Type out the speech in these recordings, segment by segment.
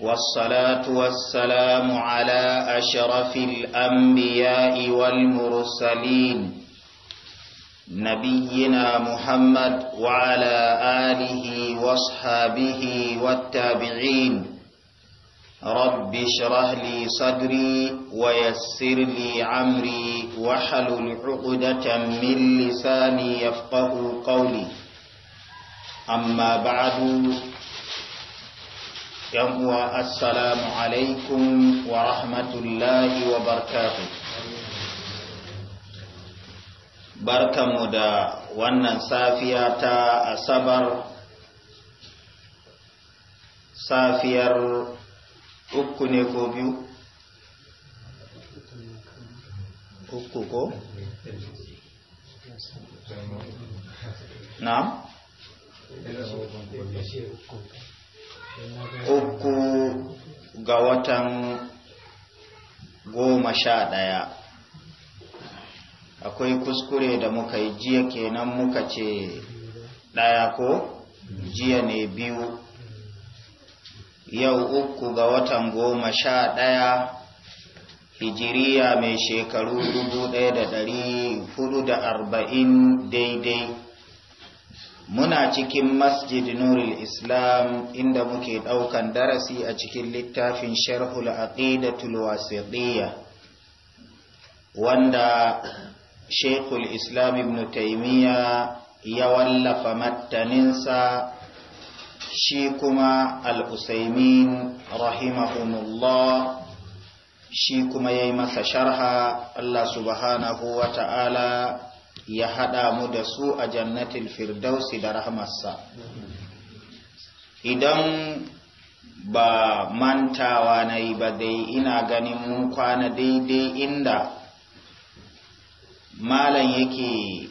والصلاة والسلام على أشرف الأنبياء والمرسلين نبينا محمد وعلى آله واصحابه والتابعين رب اشرح لي صدري ويسر لي عمري واحلل عقدة من لساني يفقه قولي أما بعد yan uwa assalamu alaikum wa rahmatullahi wa barkatu barkanmu da wannan safiya ta asabar safiyar uku ne ko biyu uku ko na? uku ga watan goma sha ɗaya akwai kuskure da muka yi jiya kenan muka ce ɗaya ko jiya ne biyu yau uku ga watan goma sha ɗaya hijiriya mai shekaru dubu ɗaya da ɗari hudu da arba'in daidai muna cikin masjid nurul islam inda muke daukan darasi a cikin littafin sharhul aqidatul wasitiyya wanda shekul islam ibn taymiya ya wallafa mattaninsa shi kuma al-usaimin rahimahumullah shi kuma ya yi masa sharha Allah subhanahu wa ta'ala ya haɗa mu da su a jannatin firdausi da rahmarsa idan ba mantawa na yi ba dai ina ganin mu kwana daidai inda malam yake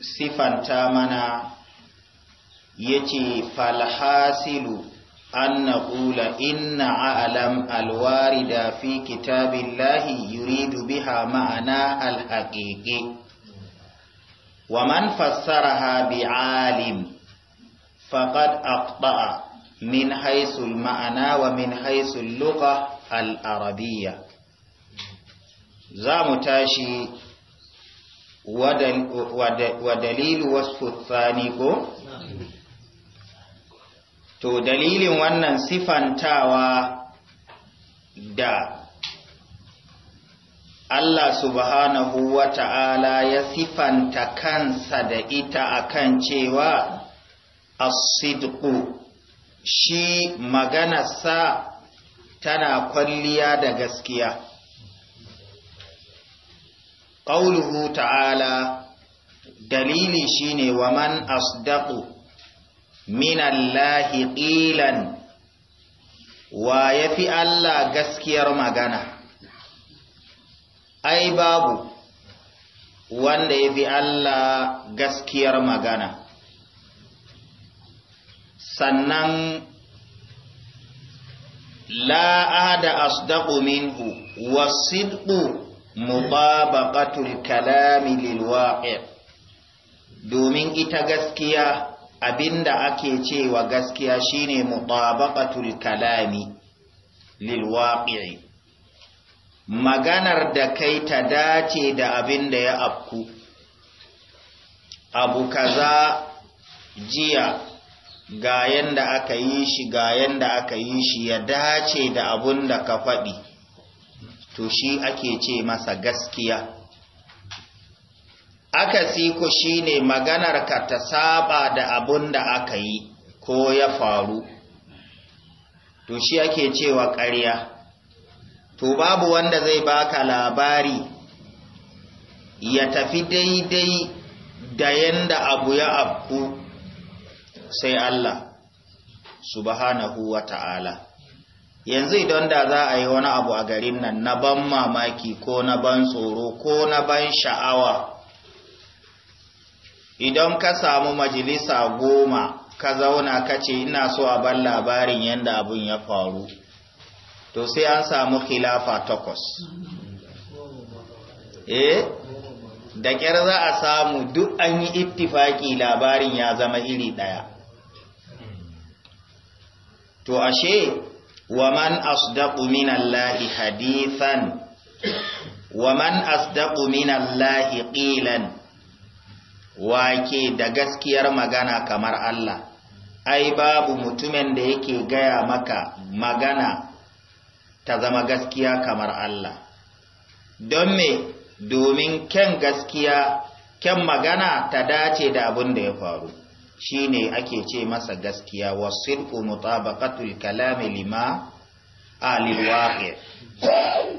sifanta mana ya ce falhasilu an na kula inna alam alwarida fi kitabin lahi yuri dubi ma'ana alhaƙiƙe wa man fassara ha bi alim faƙad aqta'a min haisul ma'ana wa min haisul luka al'arabiya za mu tashi wa dalilu wasu tsani ko to dalilin wannan sifantawa da Allah subhanahu wa ta'ala ya sifanta kansa da ita akan cewa asidku shi maganarsa tana kwalliya da gaskiya. Ƙauluhu ta'ala dalili shine wa man asdaku minallahi ƙilan wa ya fi Allah gaskiyar magana ai babu wanda ya fi Allah gaskiyar magana sannan la'ada asdaqu minhu wasidqu mutabaqatul kalami lil waqi' domin ita gaskiya abinda ake cewa gaskiya shine mutabaqatul kalami lil maganar da kai ta dace da abinda ya afku abu kaza jiya ga yanda aka yi shi ga yanda aka yi shi ya dace da abun da ka faɗi to shi ake ce masa gaskiya aka siku shine maganar ka ta saba da abun da aka yi ko ya faru to shi ake cewa ƙarya to babu wanda zai baka labari ya tafi daidai da yanda abu ya abu sai Allah subhanahu wa ta'ala yanzu idan da za a yi wani abu a garin nan na ban mamaki ko na ban tsoro ko na ban sha'awa idan ka samu majalisa goma ka zauna ka ce ina so a bar labarin yadda abin ya faru to sai an samu khilafa takwas eh da ƙyar za a samu duk an yi ittifaki labarin ya zama iri ɗaya to ashe waman asdaqu minallahi hadithan waman asdaqu minallahi qilan wake da gaskiyar magana kamar Allah ai babu mutumin da yake gaya maka magana ta zama gaskiya kamar Allah don me domin kyan gaskiya kyan magana ta dace da abin da ya faru Shi shine ake ce masa gaskiya wasidqu mutabaqatul kalami lima alil waqi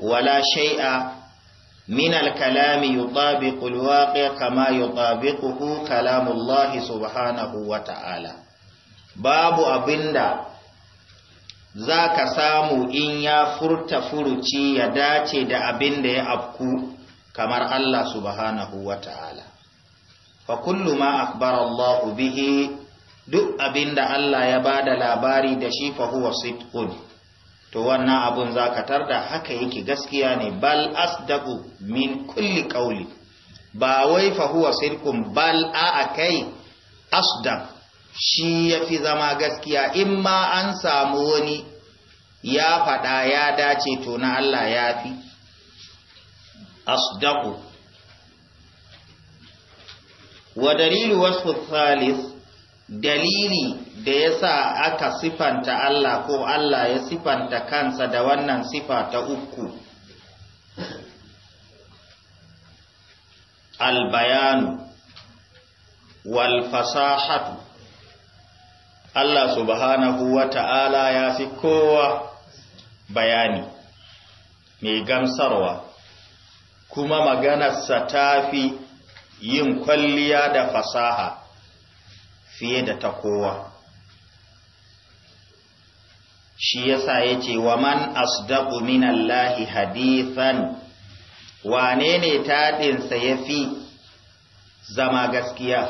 wala shai'a. من الكلام يطابق الواقع كما يطابقه كلام الله سبحانه وتعالى باب أبندا ذاك سامو إن يفرت فرتي يداتي دا أبندا يأبكو كما الله سبحانه وتعالى فكل ما أخبر الله به duk abinda Allah ya bada labari da shi fa huwa sidqun to wannan abun zakatar da haka yake gaskiya ne bal asdaqu min kulli qawli ba wai fa huwa sirkum bal a akai asdaq shi yafi zama gaskiya in ma an samu wani ya faɗa ya dace to na Allah ya fi asdaqu wa dalilu wasfu thalith dalili da ya sa aka sifanta Allah ko Allah ya sifanta kansa da wannan sifa ta uku albayanu wal fasahatu Allah subhanahu wa ta'ala ya fi kowa bayani mai gamsarwa kuma maganarsa ta fi yin kwalliya da fasaha fiye da ta kowa shi yasa yace wa man asdaqu minallahi hadithan wane ne taɗinsa ya fi zama gaskiya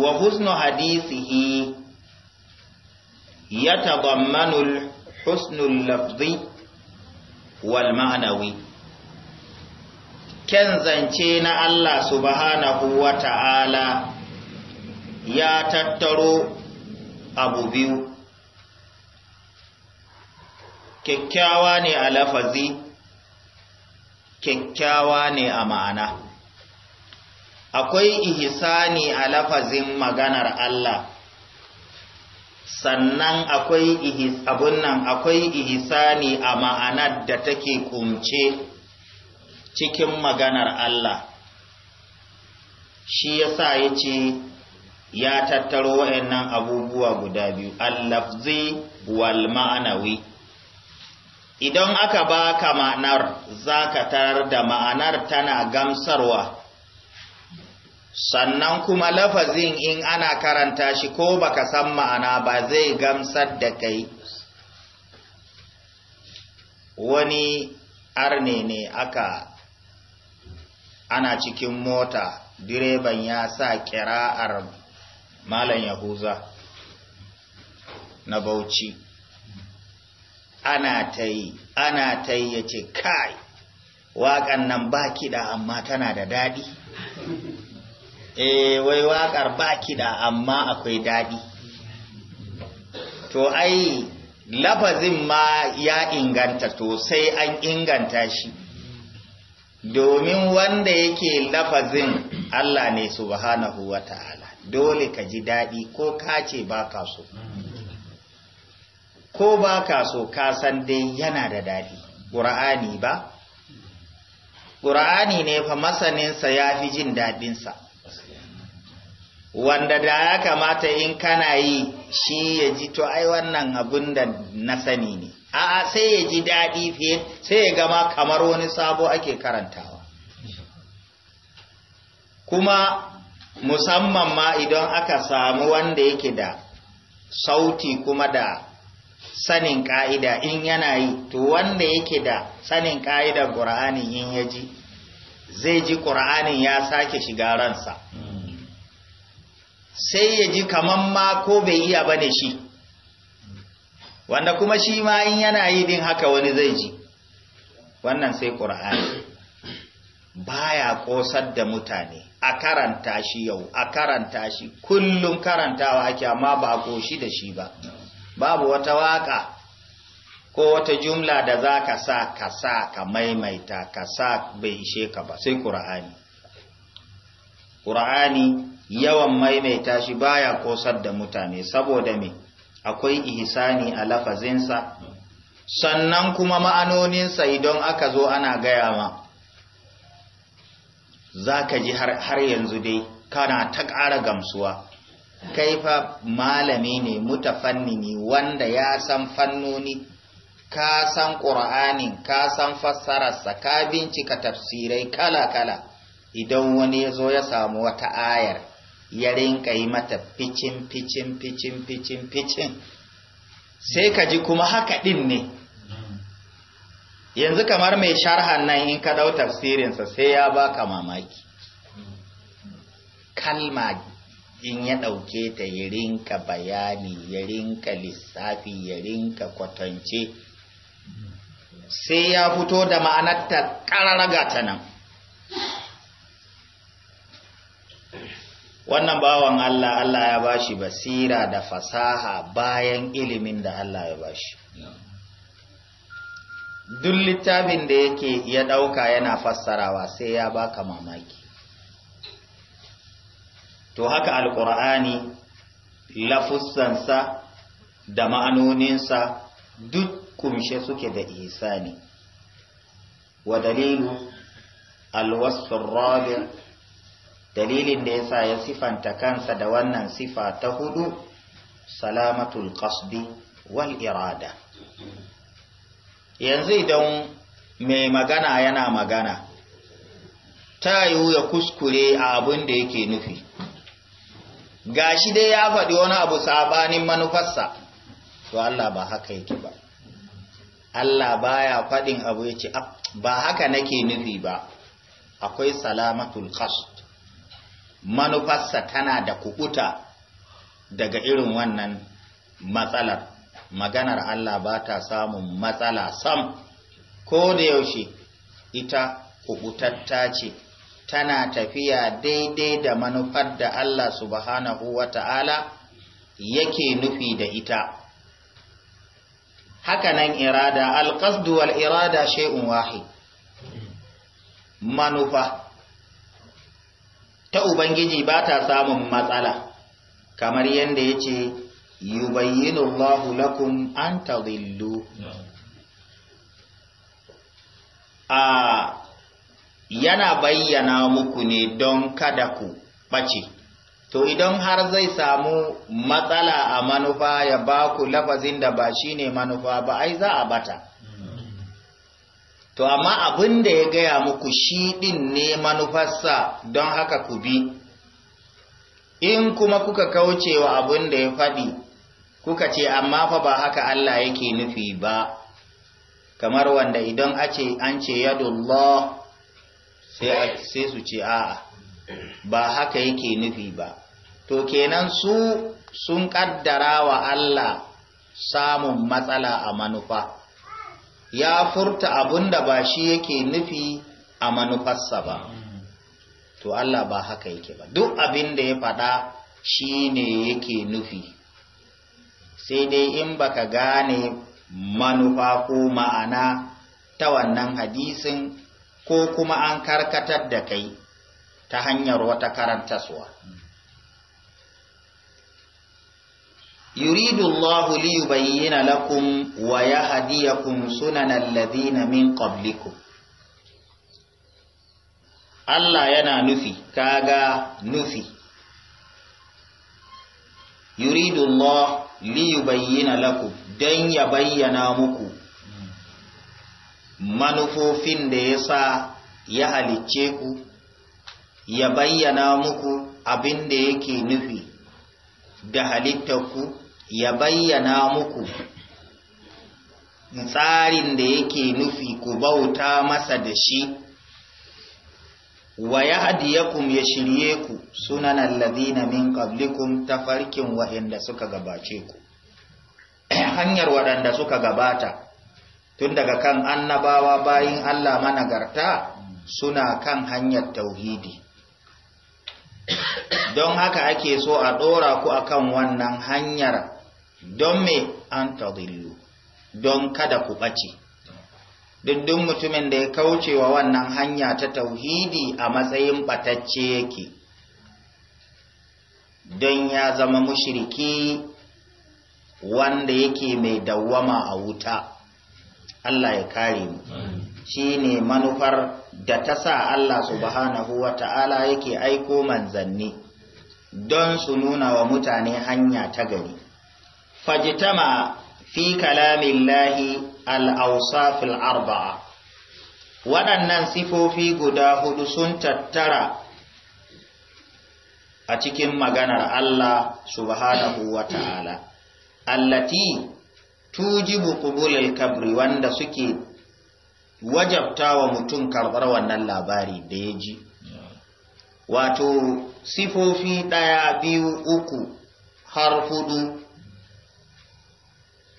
wa husnu hadisihi ya manu husnu lafzi wal ma'anawi kyan zance na Allah subhanahu wa ta'ala ya tattaro abu biyu, kyakkyawa ne a lafazi, kyakkyawa ne a ma'ana. Akwai ihisani a lafazin maganar Allah, sannan abun nan akwai ihisani a ma'anar da take kumce. cikin maganar Allah shi ya sa ya ce ya tattaro wayannan abubuwa guda biyu allafzi wal ma'anawi idan aka baka ma'anar za ka tarar da ma'anar tana gamsarwa sannan kuma lafazin in ana karanta shi ko baka san ma'ana ba zai gamsar da kai wani arne ne aka ana cikin mota direban ya sa kira'ar malam yahuza na bauchi ana ta yi ana ta yi ya ce kai waƙan nan ba kiɗa amma tana da daɗi e wai waƙar ba kiɗa amma akwai daɗi to ai lafazin ma ya inganta to sai an inganta shi domin wanda yake lafazin Allah ne subhanahu wa ta'ala dole ka ji daɗi ko ka ce ba ka so ko ba ka so ka san dai yana da daɗi ƙura'ani ba ƙura'ani ne fa masaninsa ya fi jin daɗinsa wanda da ya kamata in kana yi shi ya ji to ai wannan abin da na sani ne a'a sai ya ji daɗi fiye sai ya gama kamar wani sabo ake karantawa kuma musamman ma idan aka samu wanda yake da sauti kuma da sanin ƙa'ida in yana yi to wanda yake da sanin ƙa'idar ƙura'anin in ya ji zai ji ƙura'anin ya sake shiga ransa hmm. sai ya ji kamar ma ko bai iya ne shi wanda kuma shi ma in yana yi din haka wani zai ji wannan sai ƙur'ani baya ƙosar da mutane a karanta shi yau a karanta shi kullum karantawa ake amma ba a ƙoshi da shi ba babu wata waka ko wata jumla da za ka sa ka sa ka maimaita ka sa bai ishe ka ba sai ƙur'ani ƙur'ani yawan maimaita shi baya ƙosar da mutane saboda me akwai ihsani a lafazinsa sannan kuma ma'anoninsa idan aka zo ana gaya ma za ka ji har yanzu dai kana ta ƙara gamsuwa kai fa malami ne ne wanda ya san fannoni ka san ƙura'anin ka san fassararsa ka bincika tafsirai kala-kala idan wani ya zo ya samu wata ayar ya rinka yi mata ficin ficin ficin ficin ficin sai ka ji kuma haka ɗin ne yanzu kamar mai sharhan nan in ka ɗau tafsirinsa sai ya baka mamaki kalma in ya ɗauke ta ya rinka bayani ya rinka lissafi ya rinka kwatance sai ya fito da ma'anarta ta ƙararraga ta nan wannan bawan Allah Allah ya bashi basira da fasaha bayan ilimin da Allah ya bashi duk littafin da yake ya ɗauka yana fassarawa sai ya baka mamaki to haka alkur'ani lafussansa da ma'anoninsa duk kumshe suke da isani wa dalilu alwasfin rabin dalilin da yasa ya sifanta kansa da wannan sifa ta hudu salamatul qasdi wal irada yanzu idan mai magana yana magana ta yiwu ya kuskure a abin da yake nufi gashi dai ya faɗi wani abu sabanin manufarsa to Allah ba haka yake ba Allah baya faɗin abu ya ah, ba haka nake nufi ba akwai salamatul qasdi manufarsa tana da kubuta daga irin wannan matsalar maganar Allah ba ta samun matsala sam ko da yaushe ita kubutatta ce tana tafiya daidai da manufar da Allah subhanahu wa ta'ala yake nufi da ita hakanan irada alƙasduwal wal irada shay'un wahid manufa ta ubangiji ba ta samun matsala kamar yadda ya ce yubayyinu Allah lakum an ta zillu. a yana bayyana muku ne don kada ku ɓace to idan har zai samu matsala a manufa ya ba ku lafazin da ba shi ne manufa ba ai za a bata to amma abin da ya gaya muku shi ɗin ne manufarsa don haka ku bi in kuma kuka kaucewa abin da ya faɗi kuka ce amma fa ba haka Allah yake nufi ba kamar wanda idan ace an ce yadullah sai su ce a'a ba haka yake nufi ba to kenan su sun ƙaddara wa Allah samun matsala a manufa ya furta abun da ba shi yake nufi a manufarsa ba to Allah ba haka yake ba duk abin da ya faɗa shi ne yake nufi sai dai in baka gane manufa ko ma'ana ta wannan hadisin ko kuma an karkatar da kai ta hanyar wata karantaswa. yuridu Allahu li yubayyana lakum wa yahdiyakum sunanal ladina min qablikum Allah yana nufi kaga nufi yuridu Allah li yubayyana lakum dan ya bayyana muku manufofin da ya sa ya halicce ku ya bayyana muku abinda da yake nufi da halittarku ya bayyana muku tsarin da yake nufi ku bauta masa da shi wa ya hadiyakum ya shirye ku sunan alladhina min qablikum tafarkin wa'inda suka gabace ku hanyar waɗanda suka gabata tun daga kan annabawa bayin Allah managarta suna kan hanyar tauhidi don haka ake so a ɗora ku akan wannan hanyar don me an tadillu don kada ku ɓace duddun mutumin da ya kauce wa wannan hanya ta tauhidi a matsayin ɓatacce yake don ya zama mushiriki wanda yake mai dawwama a wuta Allah ya kare mu shi ne manufar da ta sa Allah subhanahu wa ta'ala yake aiko manzanni don su nuna wa mutane hanya ta gari fajitama fi Al-Ausafil arba'a waɗannan sifofi guda huɗu sun tattara a cikin maganar Allah subhanahu ta'ala allati tujibu qubulil kabri wanda suke wajabta wa mutum karɓar wannan labari da ya ji wato sifofi ɗaya biyu uku har hudu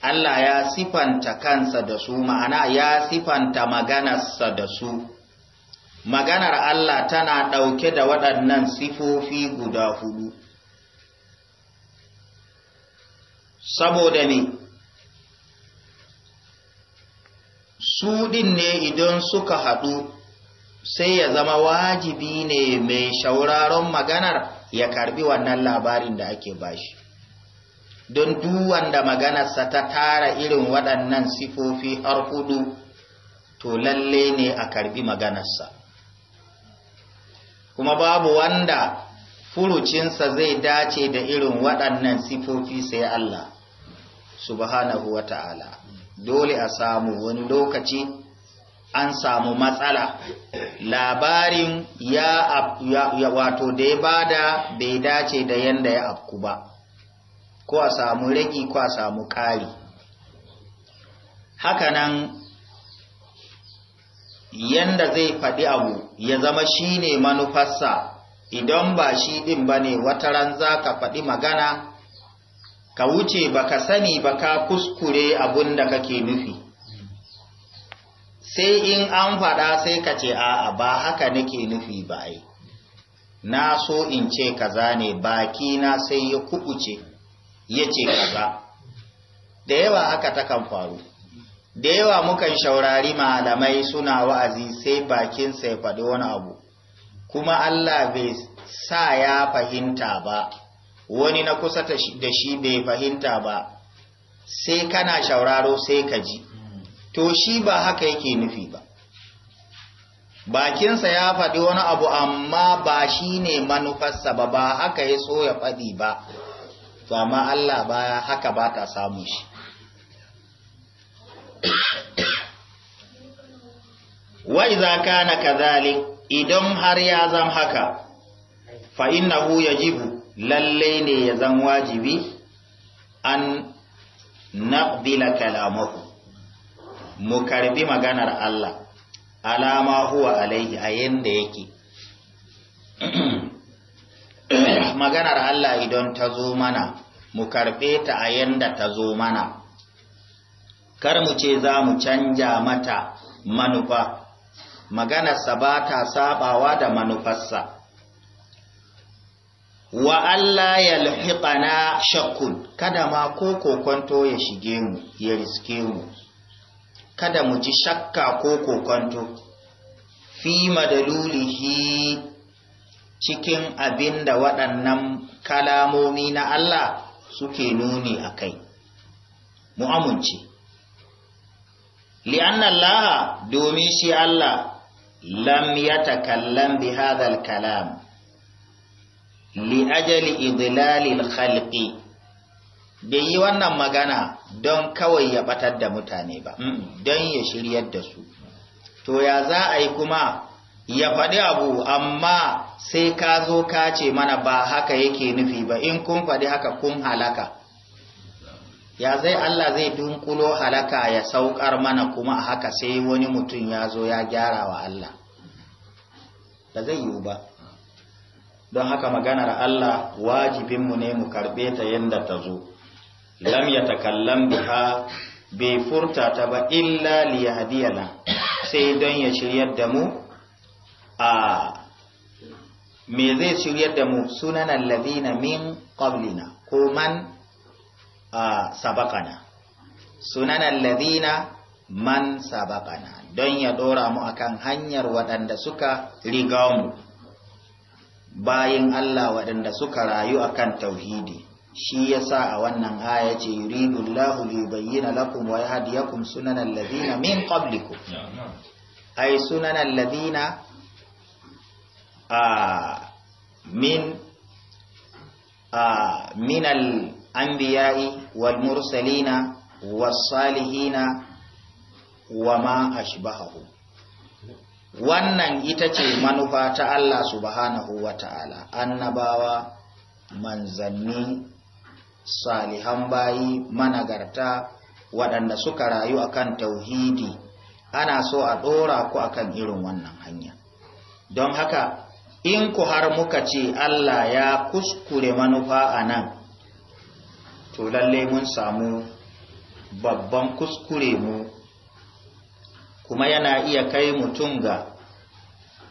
Allah ya sifanta kansa da su ma'ana ya sifanta maganarsa da su maganar Allah tana ɗauke da waɗannan sifofi guda hudu saboda ne su ɗin ne idan suka haɗu sai ya zama wajibi ne mai shauraron maganar ya karbi wannan labarin da ake bashi don duwanda maganarsa ta tara irin waɗannan sifofi har hudu to lalle ne a karbi maganarsa kuma babu wanda furucinsa zai dace da irin waɗannan sifofi sai Allah subhanahu wa ta'ala dole a samu wani lokaci an samu matsala labarin ya, wato da ya bada bai dace da yanda ya afku ba ko a samu ragi ko a samu ƙari hakanan yanda zai faɗi abu ya zama shine ne manufarsa idan ba shi ɗin ba ne wataran za ka faɗi magana ka wuce ba ka sani ba ka kuskure abun da kake nufi sai in an faɗa sai ka ce a'a ba haka nake nufi ba ai na so in ce kaza ne baki na sai ya kubuce ya ce kaza da yawa haka takan faru da yawa mukan shaurari malamai suna wa'azi sai bakin sai faɗi wani abu kuma Allah bai sa ya fahimta ba wani na kusa da shi bai fahimta ba sai kana shauraro sai ka ji to shi ba haka yake nufi ba bakinsa ya faɗi wani abu amma ba shi ne manufarsa ba ba haka ya so ya faɗi ba to amma Allah baya haka ba ta samu shi wa idza kana kadhalik idan har ya zan haka fa innahu yajibu lalle ne ya zan wajibi an naqbila kalamahu mu karbi maganar Allah alama huwa alaihi a yanda yake maganar Allah idan ta zo mana mu karɓe ta a yanda ta zo mana kar mu ce za mu canja mata manufa maganarsa ba ta sabawa da manufarsa wa Allah ya na shakkun kada ma ko kokonto ya shige mu ya riske mu kada mu ji shakka ko kokonto fi madalulihi cikin abin da waɗannan kalamomi na Allah suke nuni a kai, mu'amunci. Li'an Allah domin shi Allah lam ya takallam bi hadal kalam, li'ajali idlalil khalqi bai yi wannan magana don kawai ya batar da mutane ba, don ya shiryar da su. To ya za a yi kuma ya faɗi abu amma sai ka zo ka ce mana ba haka yake nufi ba in kun faɗi haka kun halaka ya zai Allah zai dunkulo halaka ya sauƙar mana kuma haka sai wani mutum ya zo ya gyara wa Allah da zai yiwu ba don haka maganar Allah wajibinmu ne mu karɓe ta yadda ta zo lam ya takallam biha bai furta ta ba illa liyadiyana sai don ya shiryar da mu a me zai shirya da mu sunan allazina min qablina ko man sabaqana sunan allazina man sabaqana don ya dora mu akan hanyar waɗanda suka riga mu bayin Allah waɗanda suka rayu akan tauhidi shi yasa a wannan aya ce li bayyana lakum wa yahdiyakum sunan allazina min qablikum ay sunan allazina min من al-anbiya'i والصالحين mursalina was salihina wa wannan ita ce manufa ta Allah subhanahu wa ta'ala annabawa manzanni salihan bayi managarta waɗanda suka rayu akan tauhidi ana so a ɗora ku akan irin wannan hanya don haka in ku har muka ce Allah ya kuskure manufa a nan to lalle mun samu babban kuskure mu kuma yana iya kai mutum ga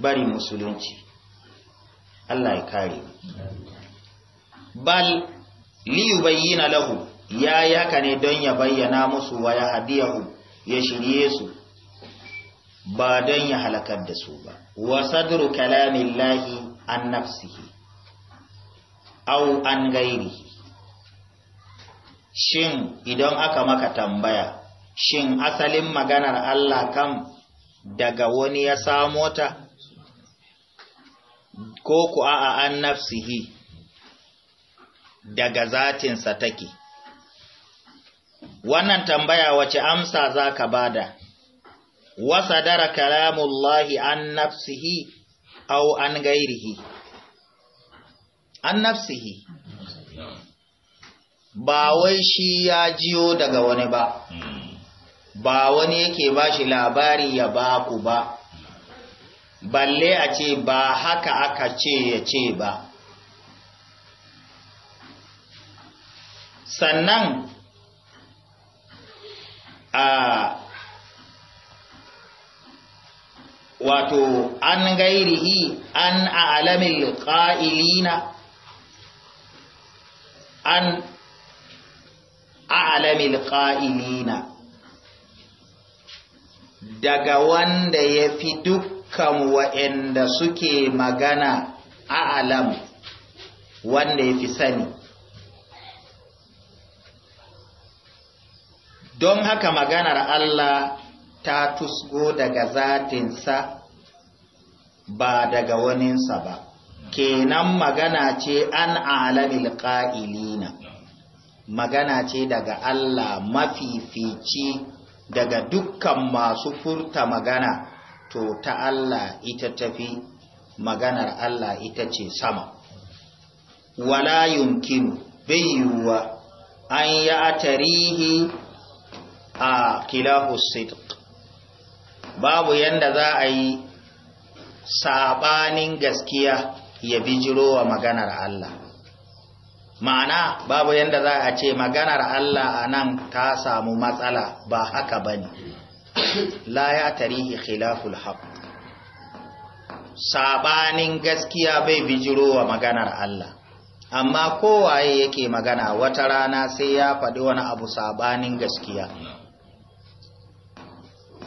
bari musulunci Allah ya kare bal bayyana lahu ya yaka ne don ya bayyana musu wa ya hadiyahu ya shirye su ba don ya halakar da su ba wa sadru kalamin lahi an nafsihi au an gairi. shin idan aka maka tambaya shin asalin maganar Allah kan daga wani ya samo ta ko ku a an nafsihi daga zatinsa take wannan tambaya wace amsa za ka bada wasadara kalamullahi an nafsihi au an gairihi an nafsihi ba wai shi ya jiyo daga wani ba ba wani yake ba shi labari ya ba ku ba balle a ce ba haka aka ce ya ce ba sannan a wato an gairihi an alamin ƙa'ilina an alamin ƙa'ilina daga wanda ya fi dukkan wa'yanda suke magana a alam wanda ya fi sani don haka maganar Allah ta tusgo daga zatinsa ba daga waninsa ba kenan magana ce an alalil ƙa'ilina magana ce daga Allah mafifici daga dukkan masu furta magana to ta Allah ita tafi maganar Allah ita ce sama wala yumkinu bai yiwuwa an yi a tarihi a kilahu sidq babu yanda za a yi sabanin gaskiya ya bijiro wa maganar Allah ma'ana babu yanda za a ce maganar Allah a nan ta samu matsala ba haka ne la ya tarihi khilaful haq sabanin gaskiya bai bijiro wa maganar Allah amma kowaye yake magana wata rana sai ya faɗi wani abu sabanin gaskiya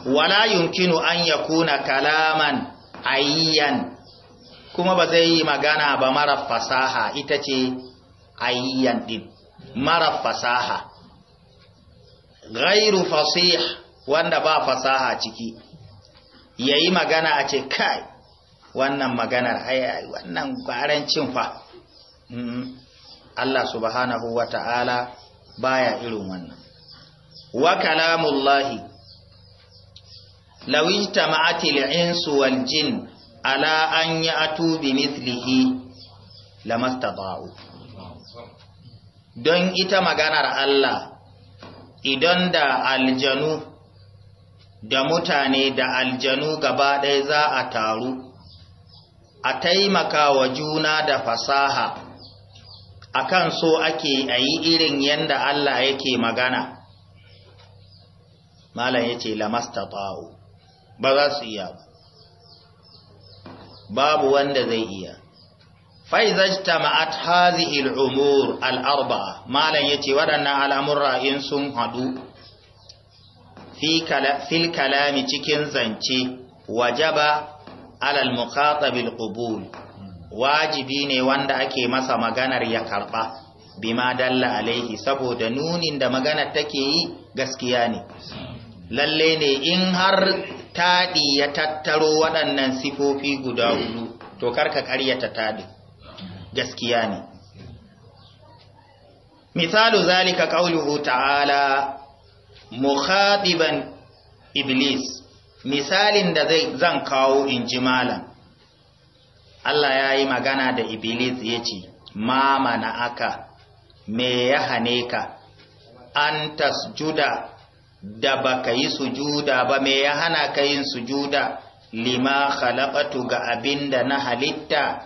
wala yunkinu an yakuna kalaman ayyan kuma ba zai yi magana ba mara fasaha ita ce ayyan din mara fasaha ghairu fasih wanda ba fasaha ciki yayi magana a ce kai wannan maganar ai wannan barancin fa Allah subhanahu wa ta'ala baya irin wannan. Wa kalamullahi lawin tama'atil insu wal jin ala an yi bi mithlihi don ita maganar Allah idan da aljanu da mutane da aljanu gaba ɗaya za a taru a taimaka wa juna da fasaha akan so ake a yi irin yadda Allah yake magana malam yace ce ba za su iya ba babu wanda zai iya faizajta ma'at hazihil umur al'arba malam ya ce waɗannan al'amurra in sun haɗu fil kalami cikin zance wajaba alal muqatabil qubul wajibi ne wanda ake masa maganar ya karɓa bima dalla alaihi saboda nunin da maganar take yi gaskiya ne lalle ne in har taɗi ya tattaro waɗannan sifofi guda hudu to karka ƙaryata taɗi gaskiya ne misalu zalika ƙauluhu ta'ala mukhatiban iblis misalin da zai zan kawo in ji malam Allah ya yi magana da iblis ya ce ma mana aka me ya hane ka an tasjuda da baka yi sujuda ba me ya hana ka yin sujuda lima khalaqatu ga abinda na halitta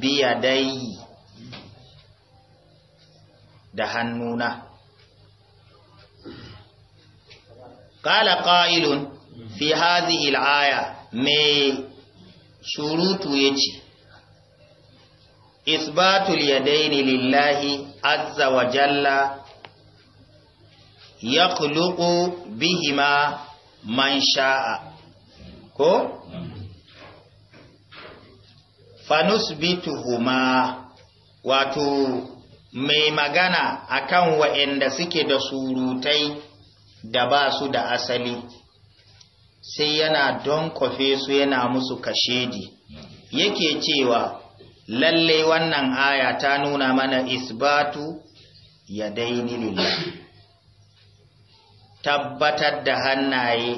biya dai da hannuna Kala qailun fi hadhihi al-aya me shurutu yace isbatul yadaini lillahi azza wa jalla ya bihima man sha'a ko? fanusbituhuma wato mai magana akan waɗanda suke da surutai da ba su da asali sai yana don kwafe su yana musu kashedi yake cewa lallai wannan aya ta nuna mana isbatu ya daini lillahi tabbatar da hannaye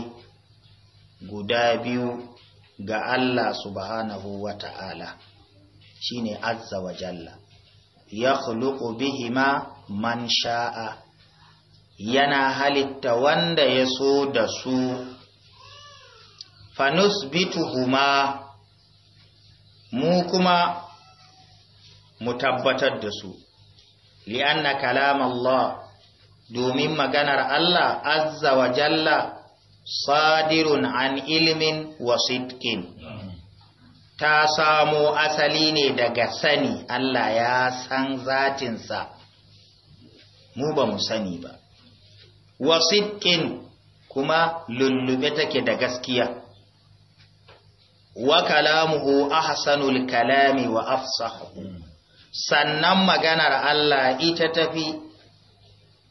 guda biyu ga Allah subhanahu wa ta'ala shi ne azza wa jalla ya khuluqu bihima man sha'a yana halitta wanda ya so da su fanusbituhuma mu kuma mu tabbatar da su li'anna kalam Allah domin maganar Allah azza wa jalla sadirun an ilmin wa sidkin ta samo asali ne daga sani Allah ya san zatinsa mu ba mu sani ba wa sidkin kuma lullube take da gaskiya wa kalamuhu ahsanul kalami wa afsahu sannan maganar Allah ita tafi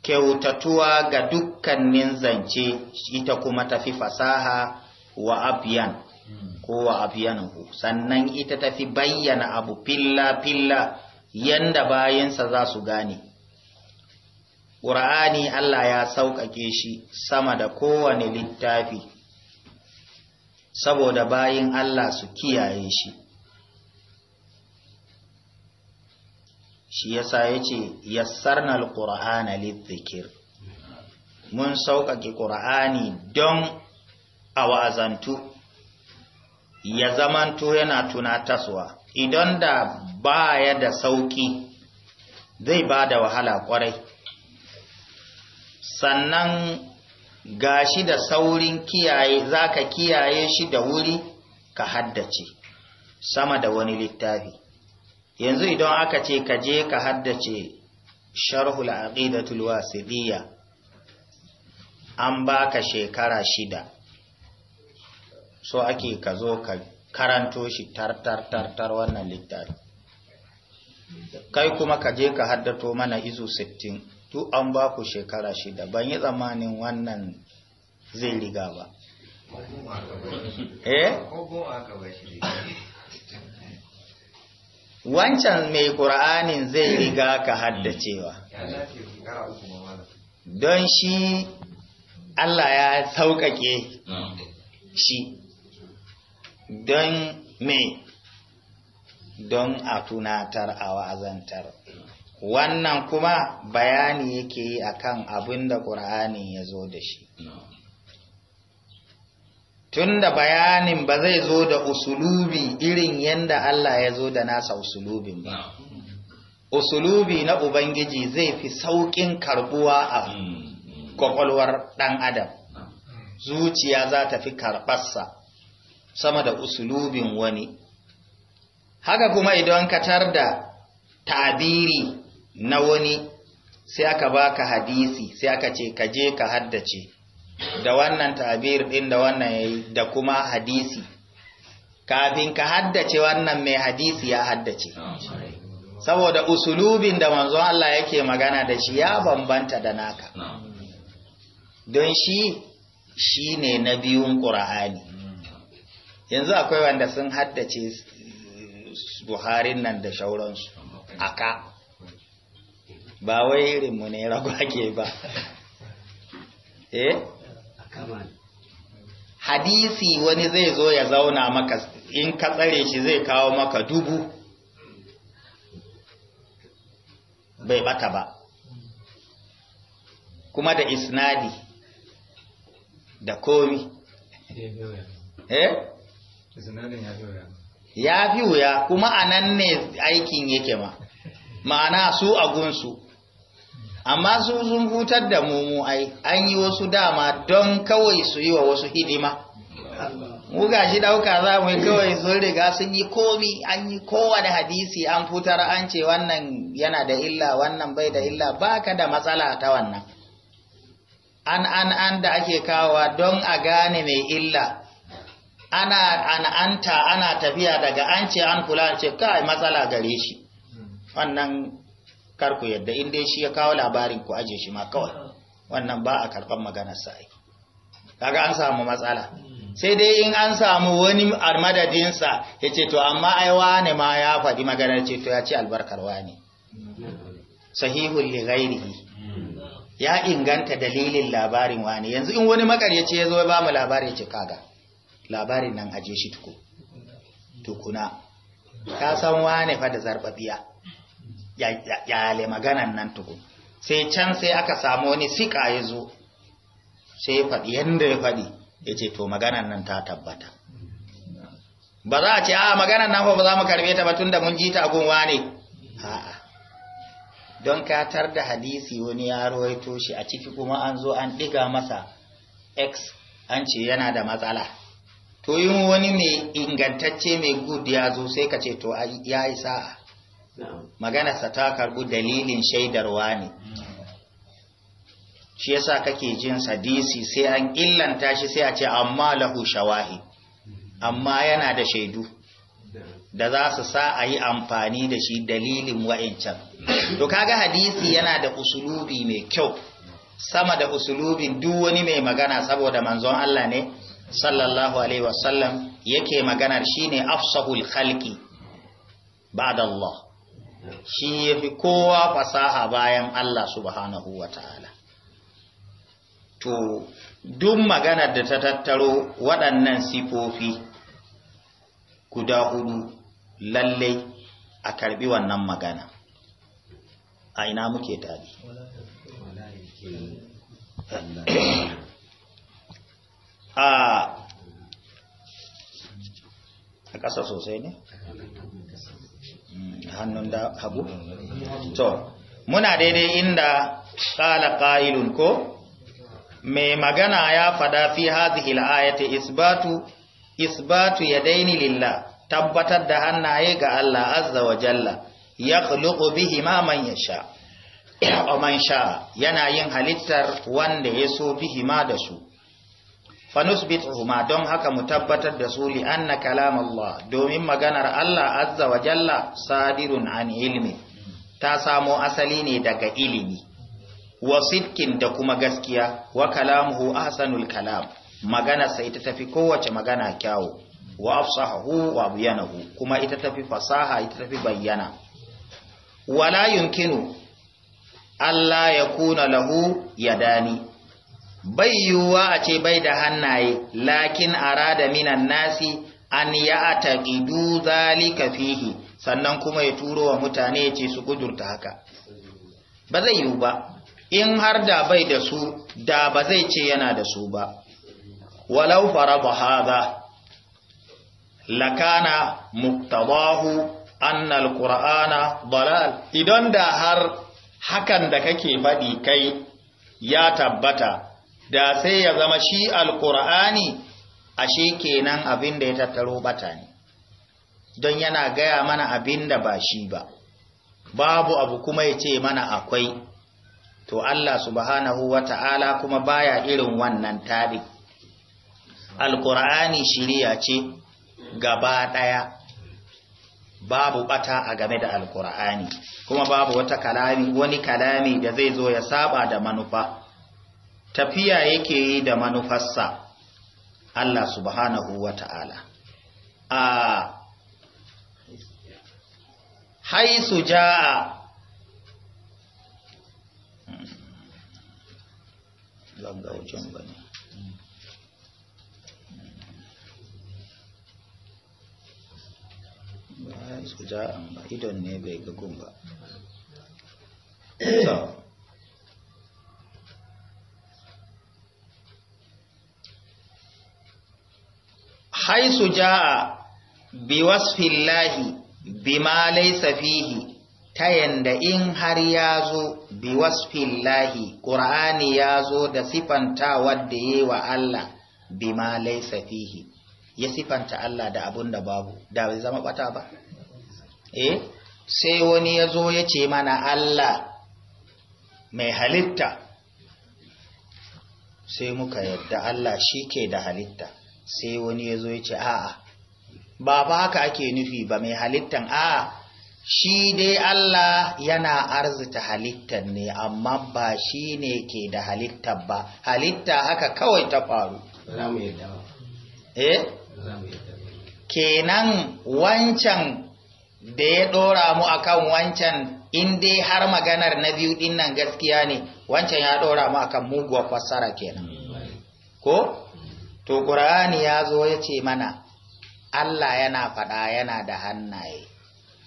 kyautatuwa ga dukkanin zance ita kuma tafi fasaha wa abiyan ko wa sannan ita tafi bayyana abu filla-filla yanda bayansa za su gane ƙura'ani Allah ya sauƙaƙe shi sama da kowane littafi saboda bayin Allah su kiyaye shi shi yasa yace yassarnal qur'ana lidhikr mun sauƙaƙe ƙur'ani don a wa'azantu ya zamanto yana tunataswa idan da ba ya da sauƙi zai ba da wahala ƙwarai sannan ga shi da saurin kiyaye za ka kiyaye shi da wuri ka haddace sama da wani littafi yanzu idan aka ce ka je ka haddace sharhul aqidatul wasidiyya an baka shekara shida so ake ka zo ka karanto shi tartar tartar wannan littafi kai kuma ka je ka haddato mana izu 60 tu an baku shekara shida ban yi tsammanin wannan zai riga ba eh wancan mai ƙura'anin zai riga ka haddacewa don shi Allah ya sauƙaƙe shi don me don a tunatar a wa'azantar wannan kuma bayani yake yi a kan abin da ƙura'anin ya zo da shi tunda bayanin ba zai zo da usulubi irin yanda Allah ya zo da nasa usulubin ba usulubi na ubangiji zai fi sauƙin karbuwa a kwakwalwar ɗan adam zuciya za ta fi karɓarsa sama da usulubin wani haka kuma idan ka tar da tabiri na wani sai aka baka hadisi sai aka ce ka je ka haddace da wannan tabir din da wannan da kuma hadisi kafin ka haddace wannan mai hadisi ya haddace saboda usulubin da manzon Allah yake magana da shi ya bambanta da naka don shi shi ne na biyun ƙura'ani yanzu akwai wanda sun haddace buharin nan da shauransu a ka ba wai irinmu ne ragwage ba eh hadisi wani zai zo ya zauna maka in ka tsare shi zai kawo maka dubu bai bata ba kuma da isnadi da komi eh? Eh? ya fi wuya kuma a nan ne aikin yake ma ma'ana su a gunsu amma su sun hutar da mu ai an yi wasu dama don kawai su yi wa wasu hidima mu gashi dauka za mu yi kawai sun riga sun yi komi an yi kowa da hadisi an futar an ce wannan yana da illa wannan bai da illa baka da matsala ta wannan an an an da ake kawowa don a gane mai illa ana an'anta ana tafiya daga an ce an kula ce kai matsala gare shi wannan kar ku yadda in dai shi ya kawo labarin ku aje shi ma kawai wannan ba a karɓar maganar sa ai kaga an samu matsala sai dai in an samu wani armadadin sa yace to amma ai wane ma ya faɗi maganar ce to ya ce albarkar wani sahihul li ghairihi ya inganta dalilin labarin wani yanzu in wani makaryaci ya zo ba mu labari ce kaga labarin nan aje shi tuko tukuna ka san wane fa da zarbabiya yale maganan nan tukun sai can sai aka samu wani sika ya zo sai ya faɗi yadda ya faɗi ya ce to maganan nan ta tabbata ba za a ce a ah, maganan nan ba za mu karbe ta batun da mun ji ta gunwa ne a'a don katar da hadisi wani ya toshe shi a ciki kuma an zo an ɗiga masa x an ce yana da matsala to yin wani mai ingantacce mai good ya zo sai ka ce to ya yi sa'a maganarsa ta karbu dalilin shaidarwa ne shi yasa kake jin sadisi sai an illanta shi sai a ce amma lahu shawahi amma yana da shaidu da za su sa a yi amfani da shi dalilin wa'incan to kaga hadisi yana da usulubi mai kyau sama da usulubin duk wani mai magana saboda manzon Allah ne sallallahu alaihi wasallam yake maganar shine afsahul khalqi ba'da Allah shi ya fi kowa fasaha bayan Allah subhanahu wa ta'ala. To, duk maganar da ta tattaro waɗannan sifofi guda hudu lallai a karbi wannan magana. A ina muke tari. A ƙasa sosai ne? hannun da to muna daidai inda ƙala ƙa'ilun ko mai magana ya fada fi hazi al-ayati isbatu ya daini lilla, tabbatar da hannaye ga Allah azza wa jalla ya khluqu bihi ma man yasha man sha yana yin halittar wanda ya so bihi ma da su fanusbituhuma don haka mu tabbatar da su li anna kalam Allah domin maganar Allah azza wa jalla sadirun an ilmi ta samo asali ne daga ilimi Wasidkin da kuma gaskiya wa kalamuhu ahsanul kalam magana sai ta tafi kowace magana kyawu wa afsahahu wa bayyanahu kuma ita tafi fasaha ita tafi bayyana wala yumkinu Allah ya kuna lahu yadani bai yiwuwa a ce bai da hannaye lakin arada minan nasi an ya ataqidu zalika fihi sannan kuma ya turo wa mutane ya ce su gudurta haka ba zai yiwu ba in har da bai da su da ba zai ce yana da su ba walau faraba hadha lakana muktabahu annal ƙura'ana balal idan da har hakan da kake faɗi kai ya tabbata da sai ya zama shi alkur'ani ashe kenan abin da ya tattaro bata ne don yana gaya mana abin da ba shi ba babu abu kuma ya ce mana akwai to Allah subhanahu wa ta'ala kuma baya irin wannan taɗi alkur'ani shiriya ce gaba ɗaya babu bata a game da alkur'ani kuma babu wata kalami wani kalami da zai zo ya saba da manufa tafiya yake yi da manufarsa Allah subhanahu wa ta'ala a haisu ja zanga wajen bane ba haisu ja'an ba idon ne bai gagun ba haisu ja'a bi wasfillahi bima laysa fihi ta yanda in har ya zo bi wasfillahi qur'ani ya zo da sifanta wadda yayi wa Allah bima laysa fihi ya sifanta Allah da abun babu da bai zama bata ba eh sai wani ya zo ya mana Allah mai halitta sai muka yadda Allah shi ke da halitta sai wani ya zo ya ce a'a ba ba haka ake nufi ba mai halittan a'a shi dai Allah yana arzita halittan ne amma ba shi ne ke da halittar ba halitta haka kawai ta faru E? kenan wancan da ya dora mu akan wancan in dai har maganar na biyu dinnan gaskiya ne wancan ya dora mu akan muguwar fassara kenan mm. ko to ƙur'ani ya zo ya ce mana Allah yana faɗa yana da hannaye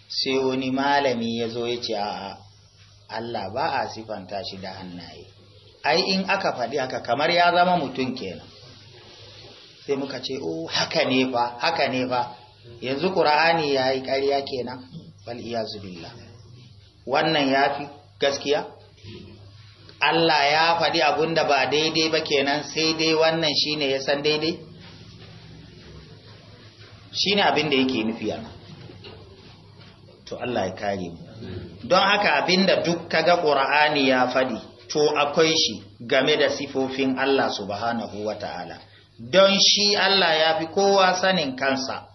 sai wani malami ya zo ya ce a Allah ba a sifanta shi da hannaye ai in aka faɗi haka kamar ya zama mutum kenan sai muka ce o oh, haka ne fa haka ne fa yanzu ƙur'ani ya yi ƙarya kenan bal iya zubilla. wannan ya fi gaskiya Allah ya faɗi abun da ba daidai ba kenan sai dai wannan shi ne ya san daidai Shi ne abin da yake nufi ana to Allah ya kare mu don haka abin da duk kaga ƙura'ani ya faɗi to akwai shi game da sifofin Allah subhanahu ta'ala. don shi Allah ya fi kowa sanin kansa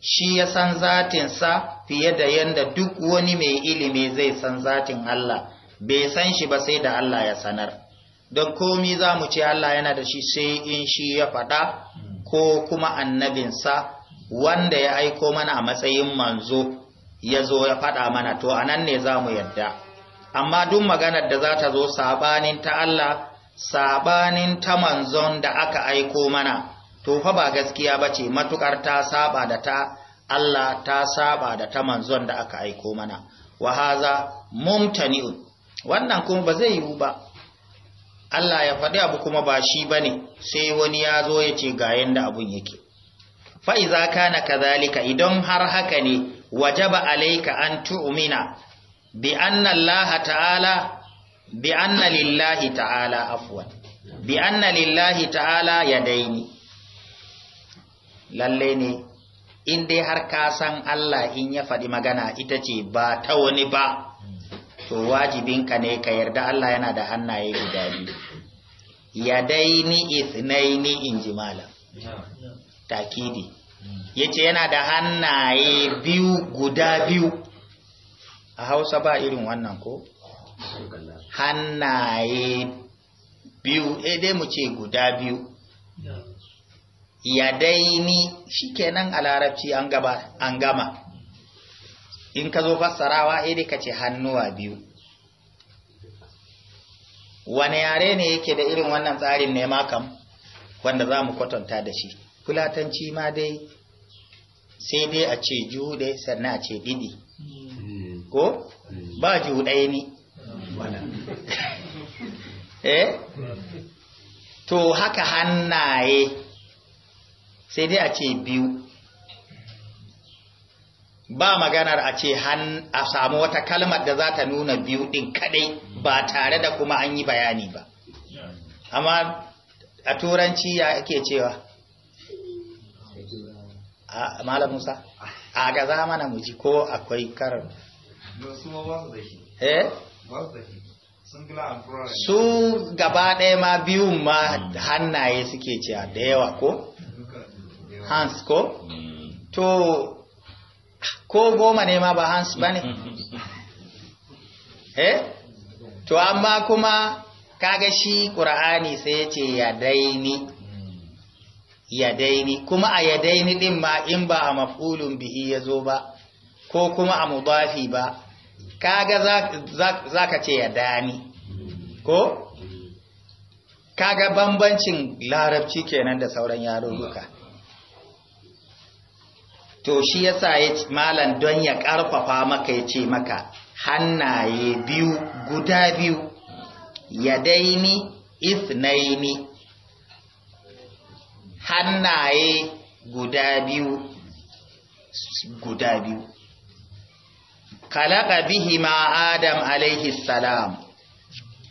shi ya san zatinsa fiye da yadda duk wani mai ilimi zai san zatin Allah bai san shi ba sai da Allah ya sanar don komi za mu ce Allah yana da shi sai in shi ya faɗa ko kuma annabinsa wanda ya aiko mana a matsayin manzo ya zo ya faɗa mana to a nan ne za mu yadda amma duk maganar da za ta zo sabanin ta Allah sabanin ta manzon da aka aiko mana to fa ba gaskiya ba ce matukar ta saba da ta Allah ta saba da ta manzon da aka aiko mana wa haza mumtani'un wannan kuma ba zai yiwu ba Allah ya faɗi abu kuma ba shi ba ne sai wani ya zo ya ce ga yadda abun yake fa'iza kana kazalika idan har haka ne waje ba alaika an tu'umina bi anna Allah ta'ala bi anna lillahi ta'ala afwan bi anna lillahi ta'ala yadaini lalle ne in dai har ka san Allah in ya faɗi magana ita ce ba ta wani ba to wajibinka ne ka yarda Allah yana da hannaye guda biyu yadaini in ji malam takidi yace yana da hannaye biyu guda biyu a Hausa ba irin wannan ko hannaye biyu eh dai mu ce guda biyu yadaini shikenan a larabci an gaba an gama in ka zo fassarawa iri ka ce hannuwa biyu wane yare ne yake da irin wannan tsarin ne kam wanda za mu kwatanta da shi fulatanci ma dai sai dai a ce dai sannan a ce didi ko ba ɗaya ni eh to haka hannaye sai dai a ce biyu ba maganar a ce a samu wata kalmar da za ta nuna biyu ɗin kadai ba tare da kuma an yi bayani ba amma a turanci ya ake cewa a malam musa a ga zamana mu ji ko akwai karar eh? su gaba ɗaya ma biyun ma hannaye suke cewa da yawa ko hans ko mm. to ko goma ne ma ba hans ba ne eh to amma kuma kaga shi ƙura'ani sai ya ce yadaini yadaini kuma a yadaini ɗin ma in ba a maf'ulun bihi ya zo ba ko kuma a mudafi ba kaga za ka ce yadani ko kaga bambancin larabci kenan da sauran duka? to shi yasa ya malam don ya ƙarfafa maka ya ce maka hannaye biyu guda biyu ya daini ithnaini hannaye guda biyu guda biyu kalaka ma adam alaihi salam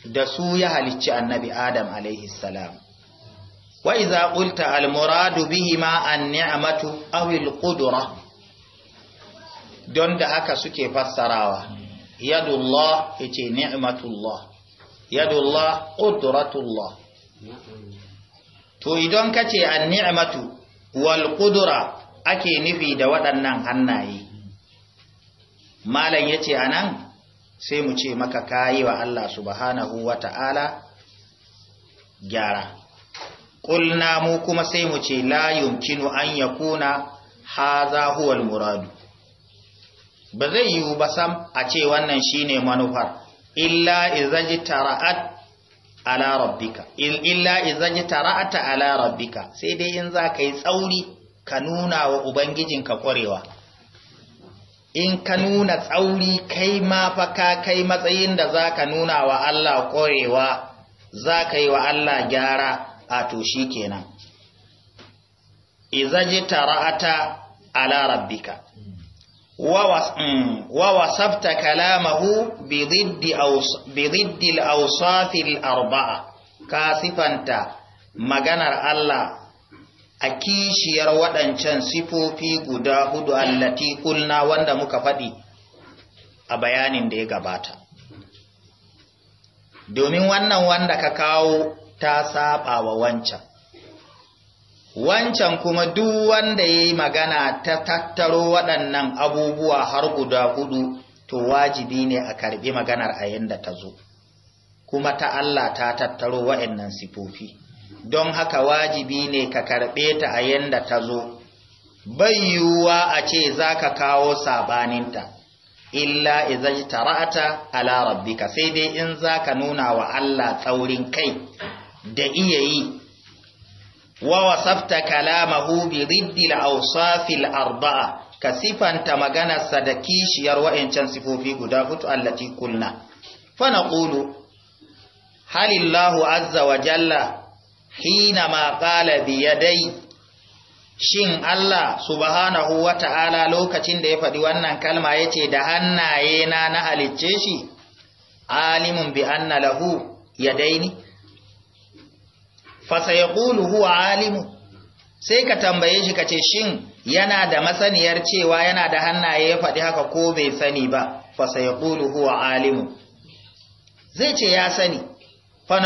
da su ya halicci annabi adam alaihi salam wa iza qulta al muradu bihima an ni'matu aw al don da haka suke fassarawa yadullah yace ni'matullah yadullah qudratullah to idan kace an ni'matu wal qudra ake nufi da waɗannan hannaye malam yace anan sai mu ce maka kayi wa Allah subhanahu wata'ala gyara ƙulna mu kuma sai mu ce la yumkinu an ya kuna haza huwal muradu ba zai yiwu ba sam a ce wannan shine manufar illa izaji tara'at ala rabbika illa izaji tara'ata ala rabbika sai dai in za ka yi tsauri ka nuna wa ka ƙwarewa in ka nuna tsauri kai ma fa ka kai matsayin da za ka nuna wa Allah ƙwarewa za ka yi wa Allah gyara a to shi kenan izaji tara'ata ala rabbika wa mm, wasafta kalamahu bi al-awsafi ausafil arba'a ka sifanta maganar Allah a kishiyar waɗancan sifofi guda hudu allati kulna wanda muka faɗi a bayanin da ya gabata domin wannan wanda ka kawo ta saba wa wancan wancan kuma duk wanda ya yi magana ta tattaro waɗannan abubuwa har guda hudu to wajibi ne a karbi maganar a yadda ta zo kuma ta Allah ta tattaro waɗannan sifofi don haka wajibi ne ka karɓe ta a yadda ta zo Bai yiwuwa a ce za ka kawo sabaninta illa izajtara'ata ala rabbika sai dai in za ka nuna wa Allah tsaurin kai da iya yi wa wasafta kalamahu bi riddil awsafil arba'a ka sifanta maganarsa da kishiyar wa'ancan sifofi guda hutu allati kulna fa naqulu halillahu azza wa jalla hina ma qala bi yadai shin Allah subhanahu wa ta'ala lokacin da ya faɗi wannan kalma yace da hannaye na na halicce shi alimun bi anna lahu yadaini fasayaqulu huwa alimu sai ka tambaye shi ka ce shin yana da masaniyar cewa yana da hannaye ya faɗi haka ko bai sani ba fasayaqulu huwa alimu zai ce ya sani fa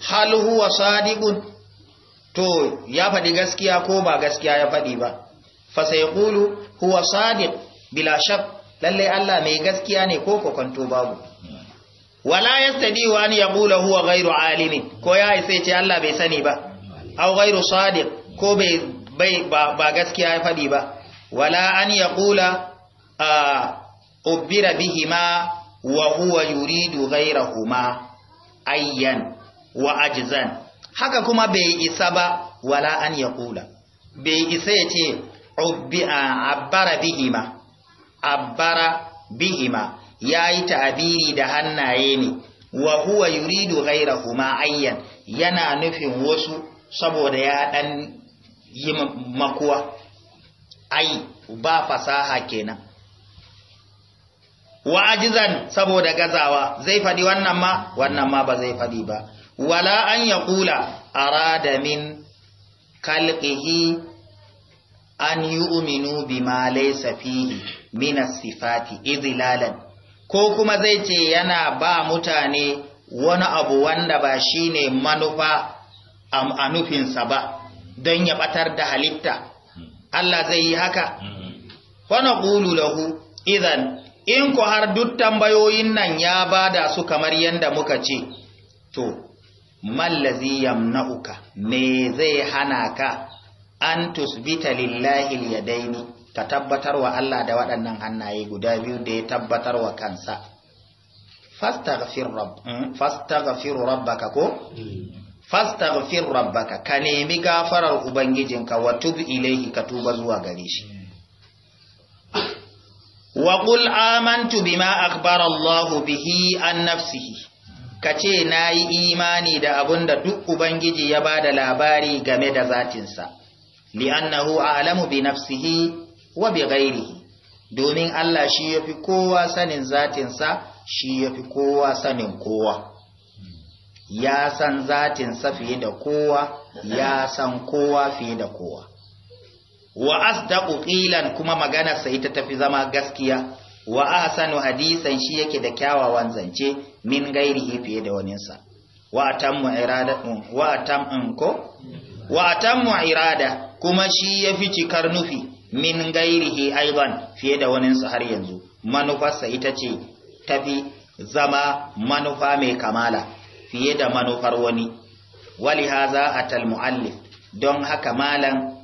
hal huwa sadiqun to ya faɗi gaskiya ko ba gaskiya ya faɗi ba fasayakulu huwa sadiq bila lallai Allah mai gaskiya ne ko kwakwanto babu wala yastadi wa an yaqula huwa ghairu alimi ko ya sai ce Allah bai sani ba au ghairu sadiq ko bai ba gaskiya ya fadi ba wala an yaqula bihi ma wa huwa yuridu huma ayyan wa ajzan haka kuma bai isa ba wala an yaqula bai isa ya ce ubbira bihima abbara bihima ya yi ta'abiri da hannaye ne wa huwa yuridu huma ayyan yana nufin wasu saboda ya dan yi makuwa ai ba fasaha kenan wa ajizan saboda gazawa zai fadi wannan ma wannan ma ba zai fadi ba wala an yaqula arada min khalqihi an yu'minu bima laysa fihi min as-sifati idlalan ko kuma zai ce yana ba mutane wani abu wanda ba shi ne manufa a nufinsa ba don ya batar da halitta Allah zai yi haka wana ƙulu lahu izan in ku har duk tambayoyin nan ya ba da su kamar yadda muka ce to mallazi yamna'uka me zai hana ka an tusbita lillahi daini. ka tabbatar wa Allah da waɗannan hannaye guda biyu da ya tabbatar wa kansa fastaghfir hmm? rabbaka ko hmm. fastaghfir rabbaka ka nemi gafarar ubangijinka wa tub ilaihi ka tuba zuwa gare shi hmm. wa qul amantu bima akhbara Allah bihi an nafsihi Ka kace nayi imani da da duk ubangiji ya ba da labari game da zatinsa li'annahu a'lamu bi nafsihi wa bi ghairihi domin Allah shi yafi kowa sanin zatinsa shi yafi kowa sanin kowa ya san zatinsa fiye da kowa ya san kowa fiye da kowa wa asdaqu qilan kuma magana sai ta tafi zama gaskiya wa ahsanu hadisan shi yake da kyawawan zance min ghairihi fiye da waninsa wa tammu irada wa atam ko wa tammu irada kuma shi yafi cikar nufi min gairihi aidan fiye da waninsu har yanzu manufarsa ita ce tafi zama manufa mai kamala fiye da manufar wani wali haza atal muallif don haka malam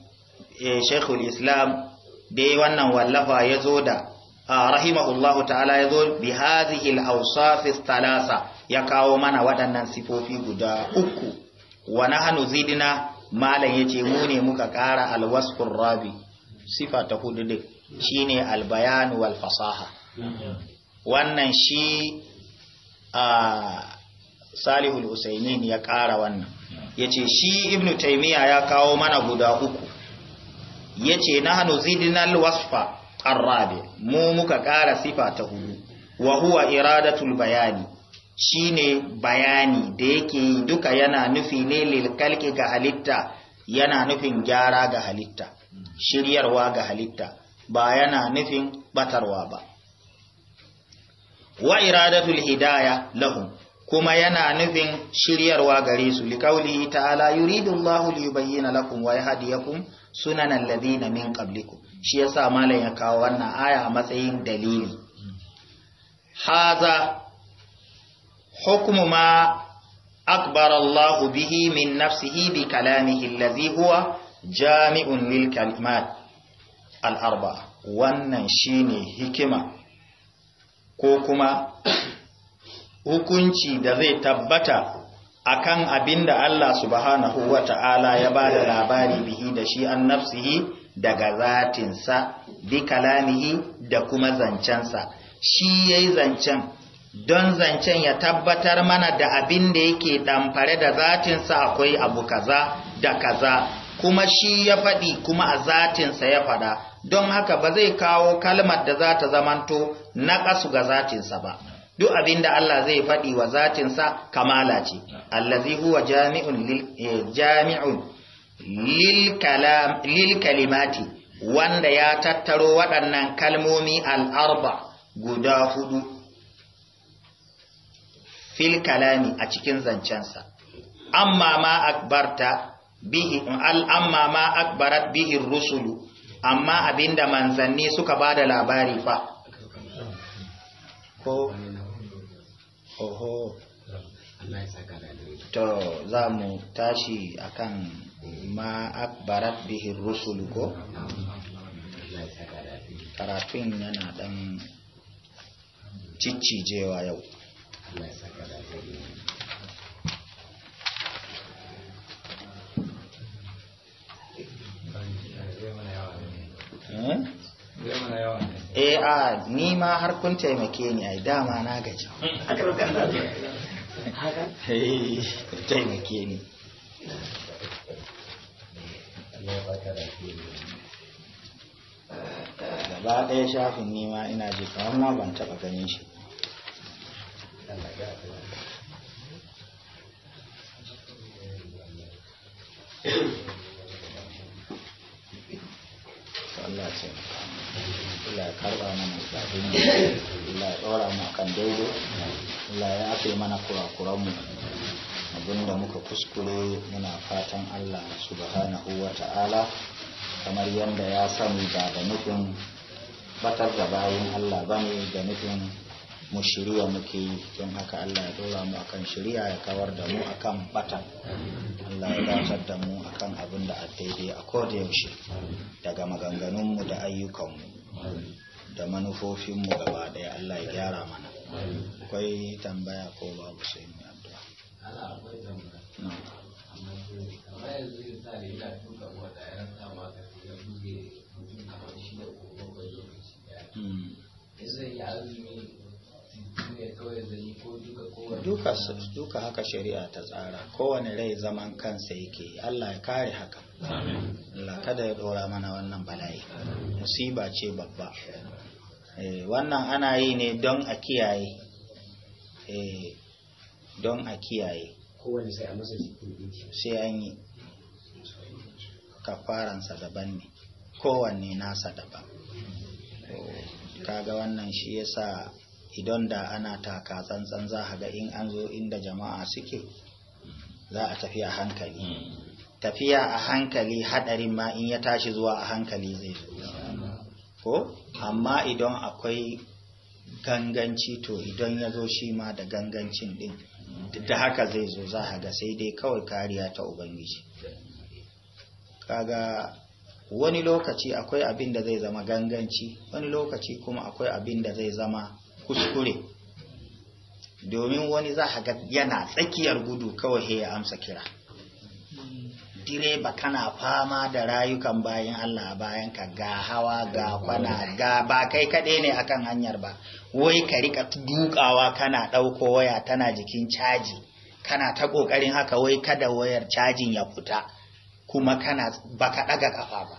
eh, shekul islam da wannan wallafa ya zo da rahimahullahu ta'ala ya zo bi hazihil awsafis talasa ya kawo mana waɗannan sifofi guda uku wa nahnu zidna malam yace mu ne muka ƙara alwaskun rabi sifa ta hudu din shine albayanu wal fasaha wannan shi a salihul ya ƙara wannan yace shi ibnu taymiya ya kawo mana guda uku yace nahnu zidnal wasfa arrabi mu muka ƙara sifa ta hudu wa huwa iradatul bayani shine bayani da yake duka yana nufi ne lil ga halitta yana nufin gyara ga halitta shiryarwa ga halitta ba yana nufin batarwa ba wa iradatul hidaya lahum kuma yana nufin shiryarwa gare su liqaulihi ta'ala yuridu Allahu liyubayyana lakum wa yahdiyakum sunanal ladina min qablikum shi yasa malam ya kawo wannan aya a matsayin dalili haza hukmu ma bihi min nafsihi bi kalamihi allazi huwa jami'un lil kalimat al'arba wannan shine hikima ko kuma hukunci da zai tabbata akan abinda Allah subhanahu wata'ala ya ba da labari bihi da shi an nafsihi daga zatinsa bi kalamihi da kuma zancensa shi yayi zancen don zancen ya tabbatar mana da abin da yake damfare da zatinsa akwai abu kaza da kaza kuma shi ya faɗi kuma a zatinsa ya faɗa don haka ba zai kawo kalmar da za ta zamanto na ƙasu ga zatinsa ba duk abin da Allah zai faɗi wa zatinsa kamala ce allazi huwa jami'un lil, eh, kalimati wanda ya tattaro waɗannan kalmomi al'arba guda hudu fil kalami a cikin zancensa amma ma akbarta bihi al'amma ma akbarat bihi rusulu amma abinda manzanni suka ba da labari fa ko oho to za mu tashi akan ma akbarat bihi rusulu ko karatun yana dan ciccijewa yau Allah ya saka da eh a ni ma har kun taimake ni ai dama na gaji taimake ni gaba ɗaya shafin nima ina ji kamar ma ban taɓa ganin shi Thank you. Allah ce Allah ya karba mana zaɓi Allah ya ɗora mu kan daidai Allah ya afe mana kurakuranmu abinda muka kuskure muna fatan Allah subhanahu wa ta'ala kamar yadda ya sani ba da nufin batar da bayan Allah bane da nufin mu shirya muke yi don haka Allah ya dora mu akan shirya ya kawar da mu akan batan Allah ya dacar da mu akan abin da a daidai a koda yaushe daga maganganunmu da ayyukanmu da manufofinmu gaba daya Allah ya gyara mana akwai tambaya ko babu sai mu addu'a Mm. duka haka shari'a ta tsara kowane rai zaman kansa yake Allah ya kare haka Allah kada ya dora mana wannan bala'i musiba ce babba eh, wannan ana yi ne don a kiyaye eh, don a kiyaye kowane sai sai an yi kafaransa daban ne kowanne nasa daban eh, kaga wannan shi yasa idan da ana taka tsantsan za a ga in an zo inda jama'a suke za a tafi a hankali hmm. tafiya a hankali hadarin ma in ya tashi zuwa a hankali zai zo ko amma idan akwai ganganci to idan ya zo shi ma da gangancin din da haka zai zo za a ga sai dai kawai kariya ta ubangiji kaga wani lokaci akwai abin da zai zama ganganci wani lokaci kuma akwai abin da zai zama kuskure domin wani za a ga yana tsakiyar gudu kawai ya amsa kira direba kana fama da rayukan bayan Allah bayan ka ga hawa ga kwana ga ba kai kaɗai ne akan hanyar ba wai ka rika dukawa kana ɗauko waya tana jikin caji kana ta ƙoƙarin haka wai kada wayar cajin ya fita kuma kana baka ɗaga ƙafa ba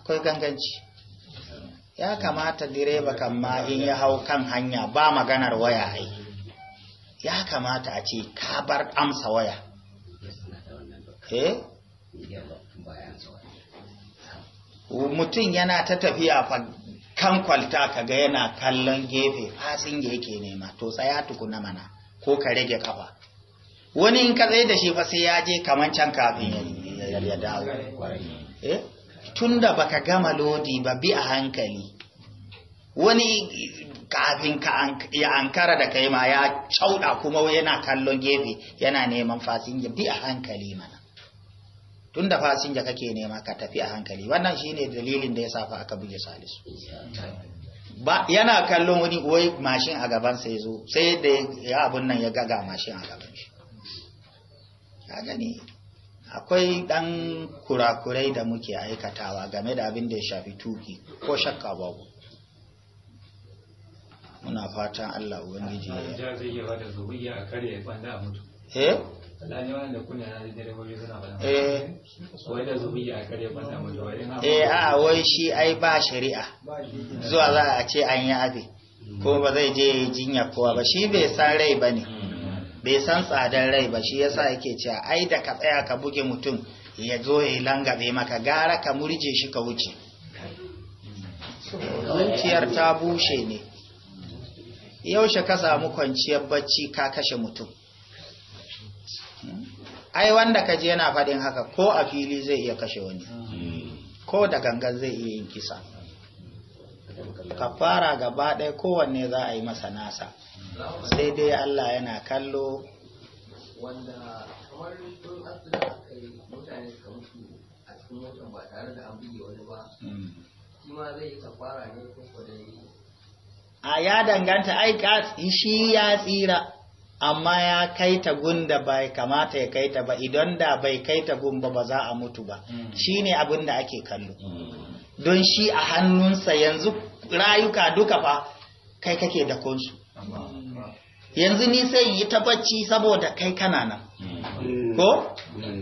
akwai ganganci ya kamata direba kan ma in ya hau kan hanya ba maganar waya ai ya kamata a ce ka bar amsa waya eh mutum yana ta tafiya fa kan kwalta kaga yana kallon gefe fasin yake nema to tsaya tukuna mana ko ka rage kafa wani in ka tsaye da shi fa sai ya je kaman can kafin ya dawo eh tunda baka gama lodi ba bi a hankali wani kafin ka ya ankara da kai ma ya cauda kuma yana kallon gefe yana neman fasinja bi a hankali mana tun fasinja kake nema ka tafi a hankali wannan shine dalilin da ya safa aka buge salisu yana kallon wani wai mashin a gaban sai zo sai da ya abun nan ya gaga mashin a gaban shi ka gani akwai dan kurakurai da muke aikatawa game da abin da ya shafi tuki ko shakka babu muna fatan Allah ubangiji ya yi eh Eh a eh, wai shi ai ba shari'a zuwa za a ce an yi abi ko ba zai je jinya kowa ba shi bai san rai ba ne bai san tsadar rai ba shi yasa yake cewa ai da ka tsaya ka buge mutum ya zo ya langabe maka gara ka murje shi ka wuce hmm. zuciyar ta bushe ne yaushe ka samu kwanciyar bacci ka kashe mutum ai wanda ka je yana faɗin haka ko a fili zai iya kashe wani ko da gangan zai iya yin kisa Ka fara gaba ɗaya kowanne za a yi masa nasa sai dai Allah yana kallo wanda kamar don asila aka yi mutane suka mutu a cikin watan ba tare da an buge wani ba hmm. shi ma zai yi fara ne ko kodai a ya danganta ai shi ya tsira amma ya kai ta gunda bai kamata ya kai ta ba idan da bai kai ta gunda ba za a mutu ba mm. shine abin da ake kallo mm. don shi a hannunsa yanzu rayuka duka fa kai kake da kunsu yanzu ni sai yi ta saboda kai kana nan mm. ko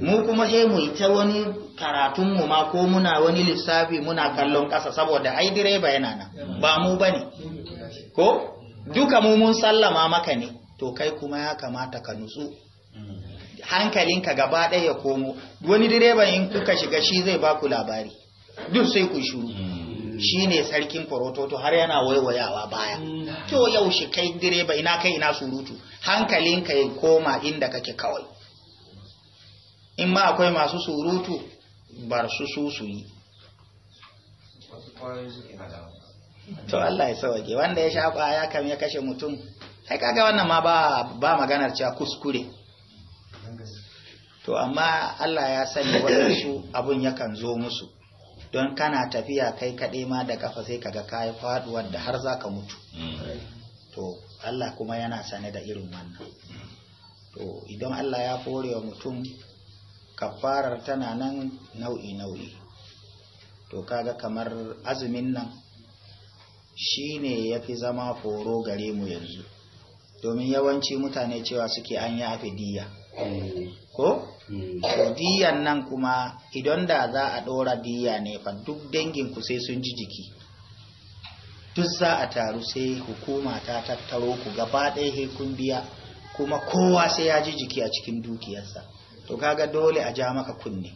mu kuma sai mu yi ta wani karatunmu ma ko muna wani lissafi muna kallon ƙasa saboda ai direba yana nan ba mu bane ko duka mu mun sallama maka ne to kai kuma ya kamata ka nutsu hankalinka gaba ɗaya ya komo wani direban in kuka shiga shi zai baku labari duk sai ku shuru hmm. shi ne sarkin korototo har yana waiwayawa baya hmm. to yaushe kai direba ina kai ina surutu hankalinka ya koma inda kake kawai in ma akwai masu surutu bar su su su yi to Allah ya sauke wanda ya sha kwaya kam ya kashe mutum ai kaga wannan ma ba ba maganar cewa kuskure to amma Allah ya sani su abun yakan zo musu don kana tafiya kai kaɗai ma da kafa sai kaga kai faduwar da har zaka mutu to Allah kuma yana sane da irin wannan to idan Allah ya forewa wa mutum kafarar tana nan nau'i nau'i to kaga kamar azumin nan shi ne ya fi zama foro gare mu yanzu domin yawanci mutane cewa suke an yi diyya, ko? Hmm. diyan nan kuma idan da za a ɗora diya ne fa duk danginku sai sun ji jiki duk za a taru sai hukuma ta tattaro ku gaba ɗaya haikun biya kuma kowa sai ya ji jiki a cikin dukiyarsa to kaga dole a ja maka kunne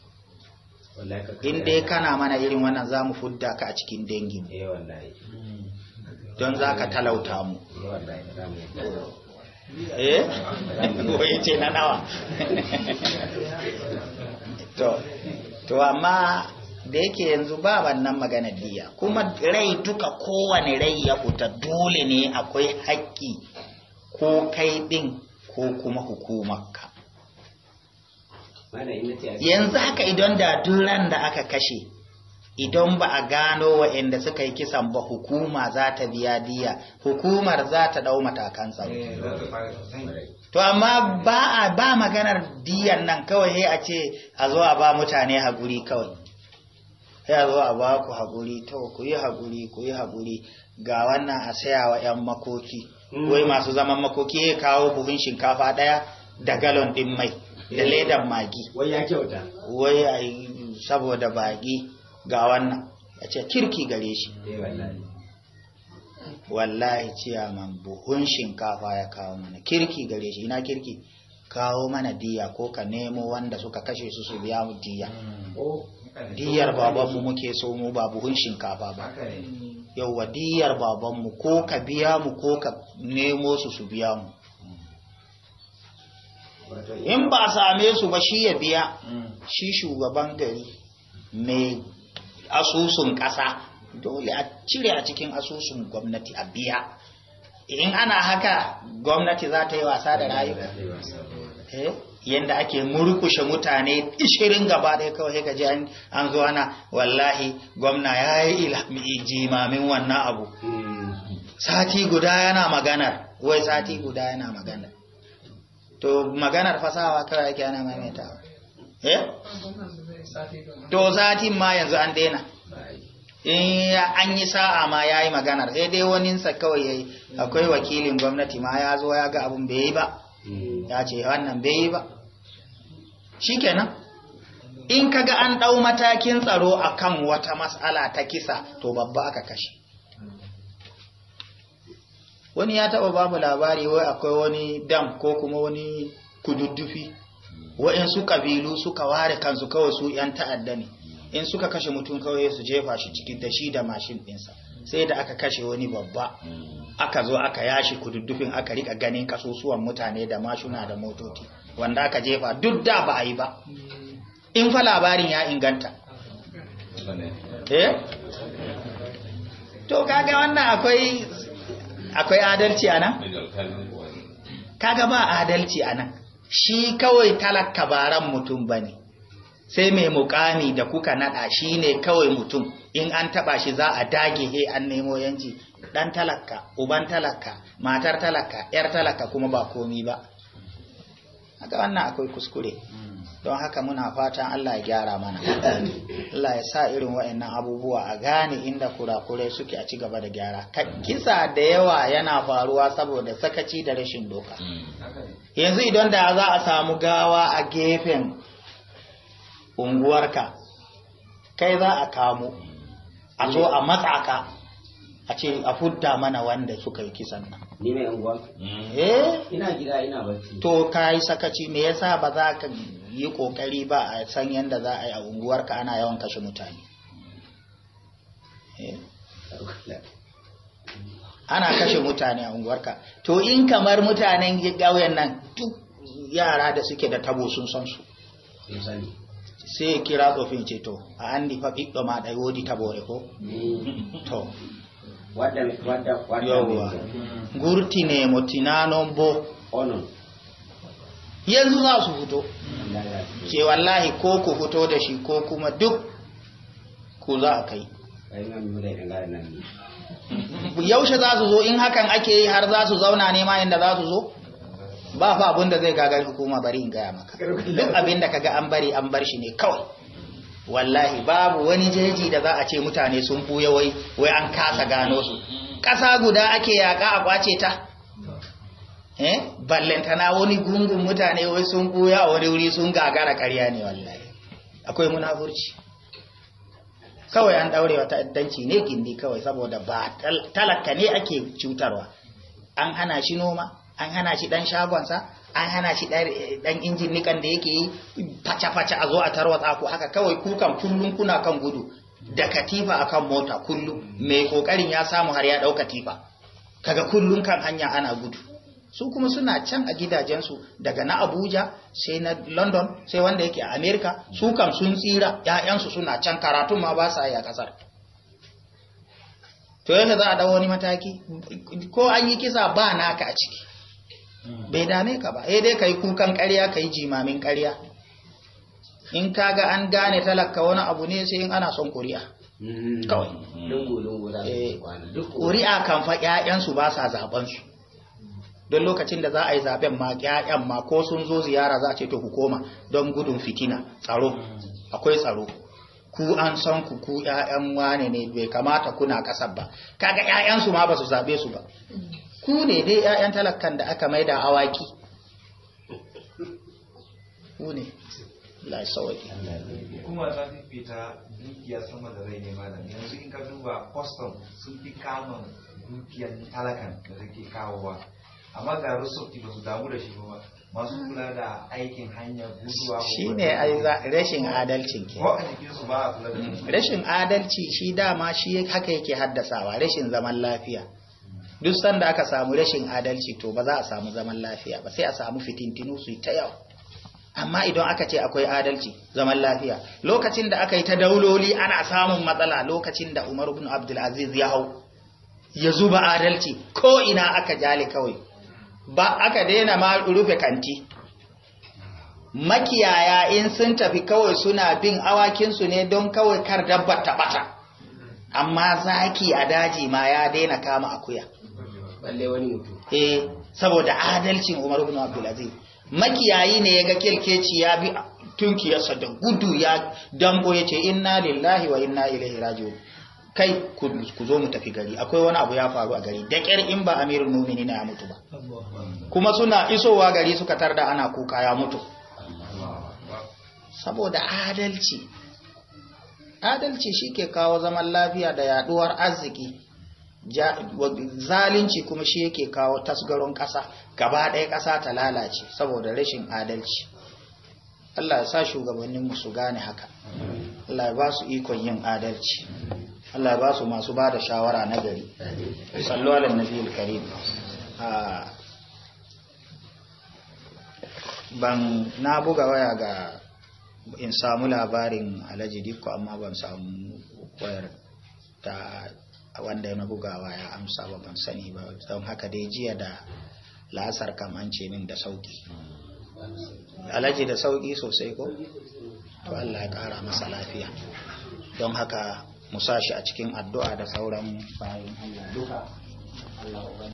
in dai kana mana irin wannan za mu fudda ka a cikin dangin don za ka talauta mu eh na nawa to amma da yake yanzu ba wannan magana diya kuma rai duka kowane rai ya kuta dole ne akwai haƙƙi ko kai ɗin ko kuma hukumarka yanzu haka idan da duk da aka kashe idan ba a gano waɗanda suka yi kisan ba hukuma za ta biya diya hukumar za ta ɗau matakan tsaro eh, to amma ba a ba maganar diyan nan kawai sai a ce a zo a ba mutane haguri kawai sai a zo a ba ku haguri to ku yi haguri ku yi haguri ga wannan a saya wa 'yan makoki mm. wai masu zaman makoki ya kawo buhun shinkafa ɗaya da galon ɗin mai da eh. ledan magi wai ya kyauta wai saboda bagi ga wannan ya ce kirki gare shi eh, wallahi ciyaman buhun shinkafa ya kawo mana kirki gare shi ina kirki kawo mana diya ko ka nemo wanda suka kashe su su biya mu diya hmm. oh, diyar babanmu muke so mu ba buhun shinkafa ba yauwa diyar babanmu ko ka biya mu ko ka nemo su su biya mu in ba same su ba shi ya biya hmm. shi shugaban gari mai asusun ƙasa dole a cire a cikin asusun gwamnati a biya in ana haka gwamnati za ta yi wasa da rayuwa eh, yadda ake murkushe mutane ishirin gaba ɗaya kawai ka ji an zo ana wallahi gwamna ya yi jimamin wannan abu sati guda yana maganar wai sati guda yana maganar to maganar fasawa kawai ake ana maimaitawa eh to satin ma yanzu an daina in eh, an yi sa'a ma ya yi maganar sai dai wani sa kawai ya yi akwai wakilin gwamnati ma ya zo ya ga abin bai yi ba hmm. ya ce wannan bai yi ba shi kenan in ka ga an ɗau matakin tsaro a kan wata matsala ta kisa to babba aka kashe wani ya taɓa babu labari wai akwai wani dam ko kuma wani kududdufi wa'insu kabilu suka ware kansu kawai su yan ta'adda ne in suka kashe mutum kawai su jefa shi cikin da shi da mashin ɗinsa sai da aka kashe wani babba aka zo aka yashi kududdufin aka rika ganin kasusuwan mutane da mashuna da motoci wanda aka jefa duk da ba a yi ba in fa labarin ya inganta eh? to kaga wannan akwai akwai adalci anan kaga ba adalci anan shi kawai talaka baran mutum ba ne sai mai mukami da kuka naɗa shi ne kawai mutum in an taɓa shi za a dage he an nemo yanci ɗan talaka uban talaka matar talaka ‘yar talaka kuma ba komi ba haka wannan akwai kuskure mm. don haka muna fatan Allah ya gyara mana Allah ya sa irin wa'annan abubuwa a gane inda kurakurai suke a ci gaba da gyara kisa da yawa yana faruwa saboda sakaci da rashin doka yanzu idan da za a samu gawa a gefen unguwarka kai za a kamo a zo a matsa a ce a fudda mana wanda suka yi kisan nan ni mai unguwa eh ina gida ina barci to kai sakaci me yasa ba za ka yi kokari ba a san yadda za a yi a unguwarka ana yawan kashe mutane eh. ana kashe mutane a unguwarka to in kamar mutanen gauyen nan duk yara da suke da tabo sun san su sai ya kira tsofin ce to a an nifa fiɗo ma ɗai wodi tabore ko mm. to yawwa gurti ne motinano bo yanzu za su fito Ke wallahi ko ku fito da shi ko kuma duk ku za a kai yaushe za su zo in hakan ake yi har za su zauna nema inda za su zo ba fa abin da zai gagar hukuma bari in gaya maka duk abin da kaga an bari an bar shi ne kawai wallahi babu wani jeji da za a ce mutane sun buya wai wai an kasa gano su ƙasa guda ake yaƙa a kwace ta eh ballantana wani gungun mutane wai sun buya a wani wuri sun gagara karya ne wallahi akwai munafurci kawai an ɗaure wa ta'addanci ne gindi kawai saboda ba talaka ne ake cutarwa an hana shi noma an hana shi ɗan shagonsa an hana shi ɗan injin nikan da yake yi faca-faca a zo a tarwatsa ko haka kawai kukan kullum kuna kan gudu da katifa akan mota kullum mai kokarin ya samu har ya dauka tifa kaga kullum kan hanya ana gudu su kuma suna can a gidajensu daga na abuja sai na london sai wanda yake a Amerika, su kam sun tsira ‘ya'yansu suna can karatun ma ba sa yi a ƙasar to yadda za a dawo wani mataki ko an yi kisa ba na naka a ciki bai dame ka ba ya eh dai ka yi kukan ƙarya ka yi jimamin ƙarya in ka ga an gane talaka wani abu ne sai in ana son kuri'a mm-hmm. kawai eh, kuri'a kan fa ‘ya'yansu ba sa zaɓensu don lokacin da za a yi zaben ma ƴaƴan ma ko sun zo ziyara za a ce to ku koma don gudun fitina tsaro akwai tsaro ku an san ku ku ƴaƴan wane ne bai kamata kuna kasar ba kaga ƴaƴan su ma ba su zabe su ba ku ne dai ƴaƴan talakkan da aka maida awaki ku ne la sawaki kuma ta fita dukiya sama da rai ne malam yanzu in ka duba custom sun fi kamun dukiyar talakan da take kawowa amma ga rusufti ba su damu da shi ba masu kula da aikin hanyar guduwa shi ne rashin adalcin ke rashin adalci shi dama shi haka yake haddasawa rashin zaman lafiya duk sanda aka samu rashin adalci to ba za a samu zaman lafiya ba sai a samu fitintinu su ta yau amma idan aka ce akwai adalci zaman lafiya lokacin da aka yi ta dauloli ana samun matsala lokacin da umar bin abdulaziz ya hau ya zuba adalci ko ina aka jale kawai ba aka daina ma rufe kanti makiyaya in sun tafi kawai suna bin awakinsu ne don kawai kar dabbar ta bata amma zaki a daji ma ya daina kama akuya balle wani eh saboda adalcin Umar ibn Abdul makiyayi ne yaga kelkeci ya bi tunkiyarsa da gudu ya dambo yace inna lillahi wa inna ilaihi raji'un kai ku zo mu tafi gari akwai wani abu ya faru a gari da ƙyar in ba amirin mumini na ya mutu ba kuma suna isowa gari suka tarda ana kuka ya mutu saboda adalci adalci shi ke kawo zaman lafiya da yaduwar arziki zalunci kuma shi yake kawo tasgaron ƙasa gaba ɗaya ƙasa ta lalace saboda rashin adalci Allah ya sa shugabanninmu su gane haka Allah ya ba su ikon yin adalci Allah ba su masu ba da shawara na gari sallu ala karim ban na buga waya ga in samu labarin alhaji dikko amma ban samu wayar ta wanda na bugawa ya amsa ba ban sani ba don haka dai jiya da lasar kam an ce min da sauki alhaji da sauki sosai ko to Allah ya kara masa lafiya don haka musashi a cikin addu'a da sauran bayan Allah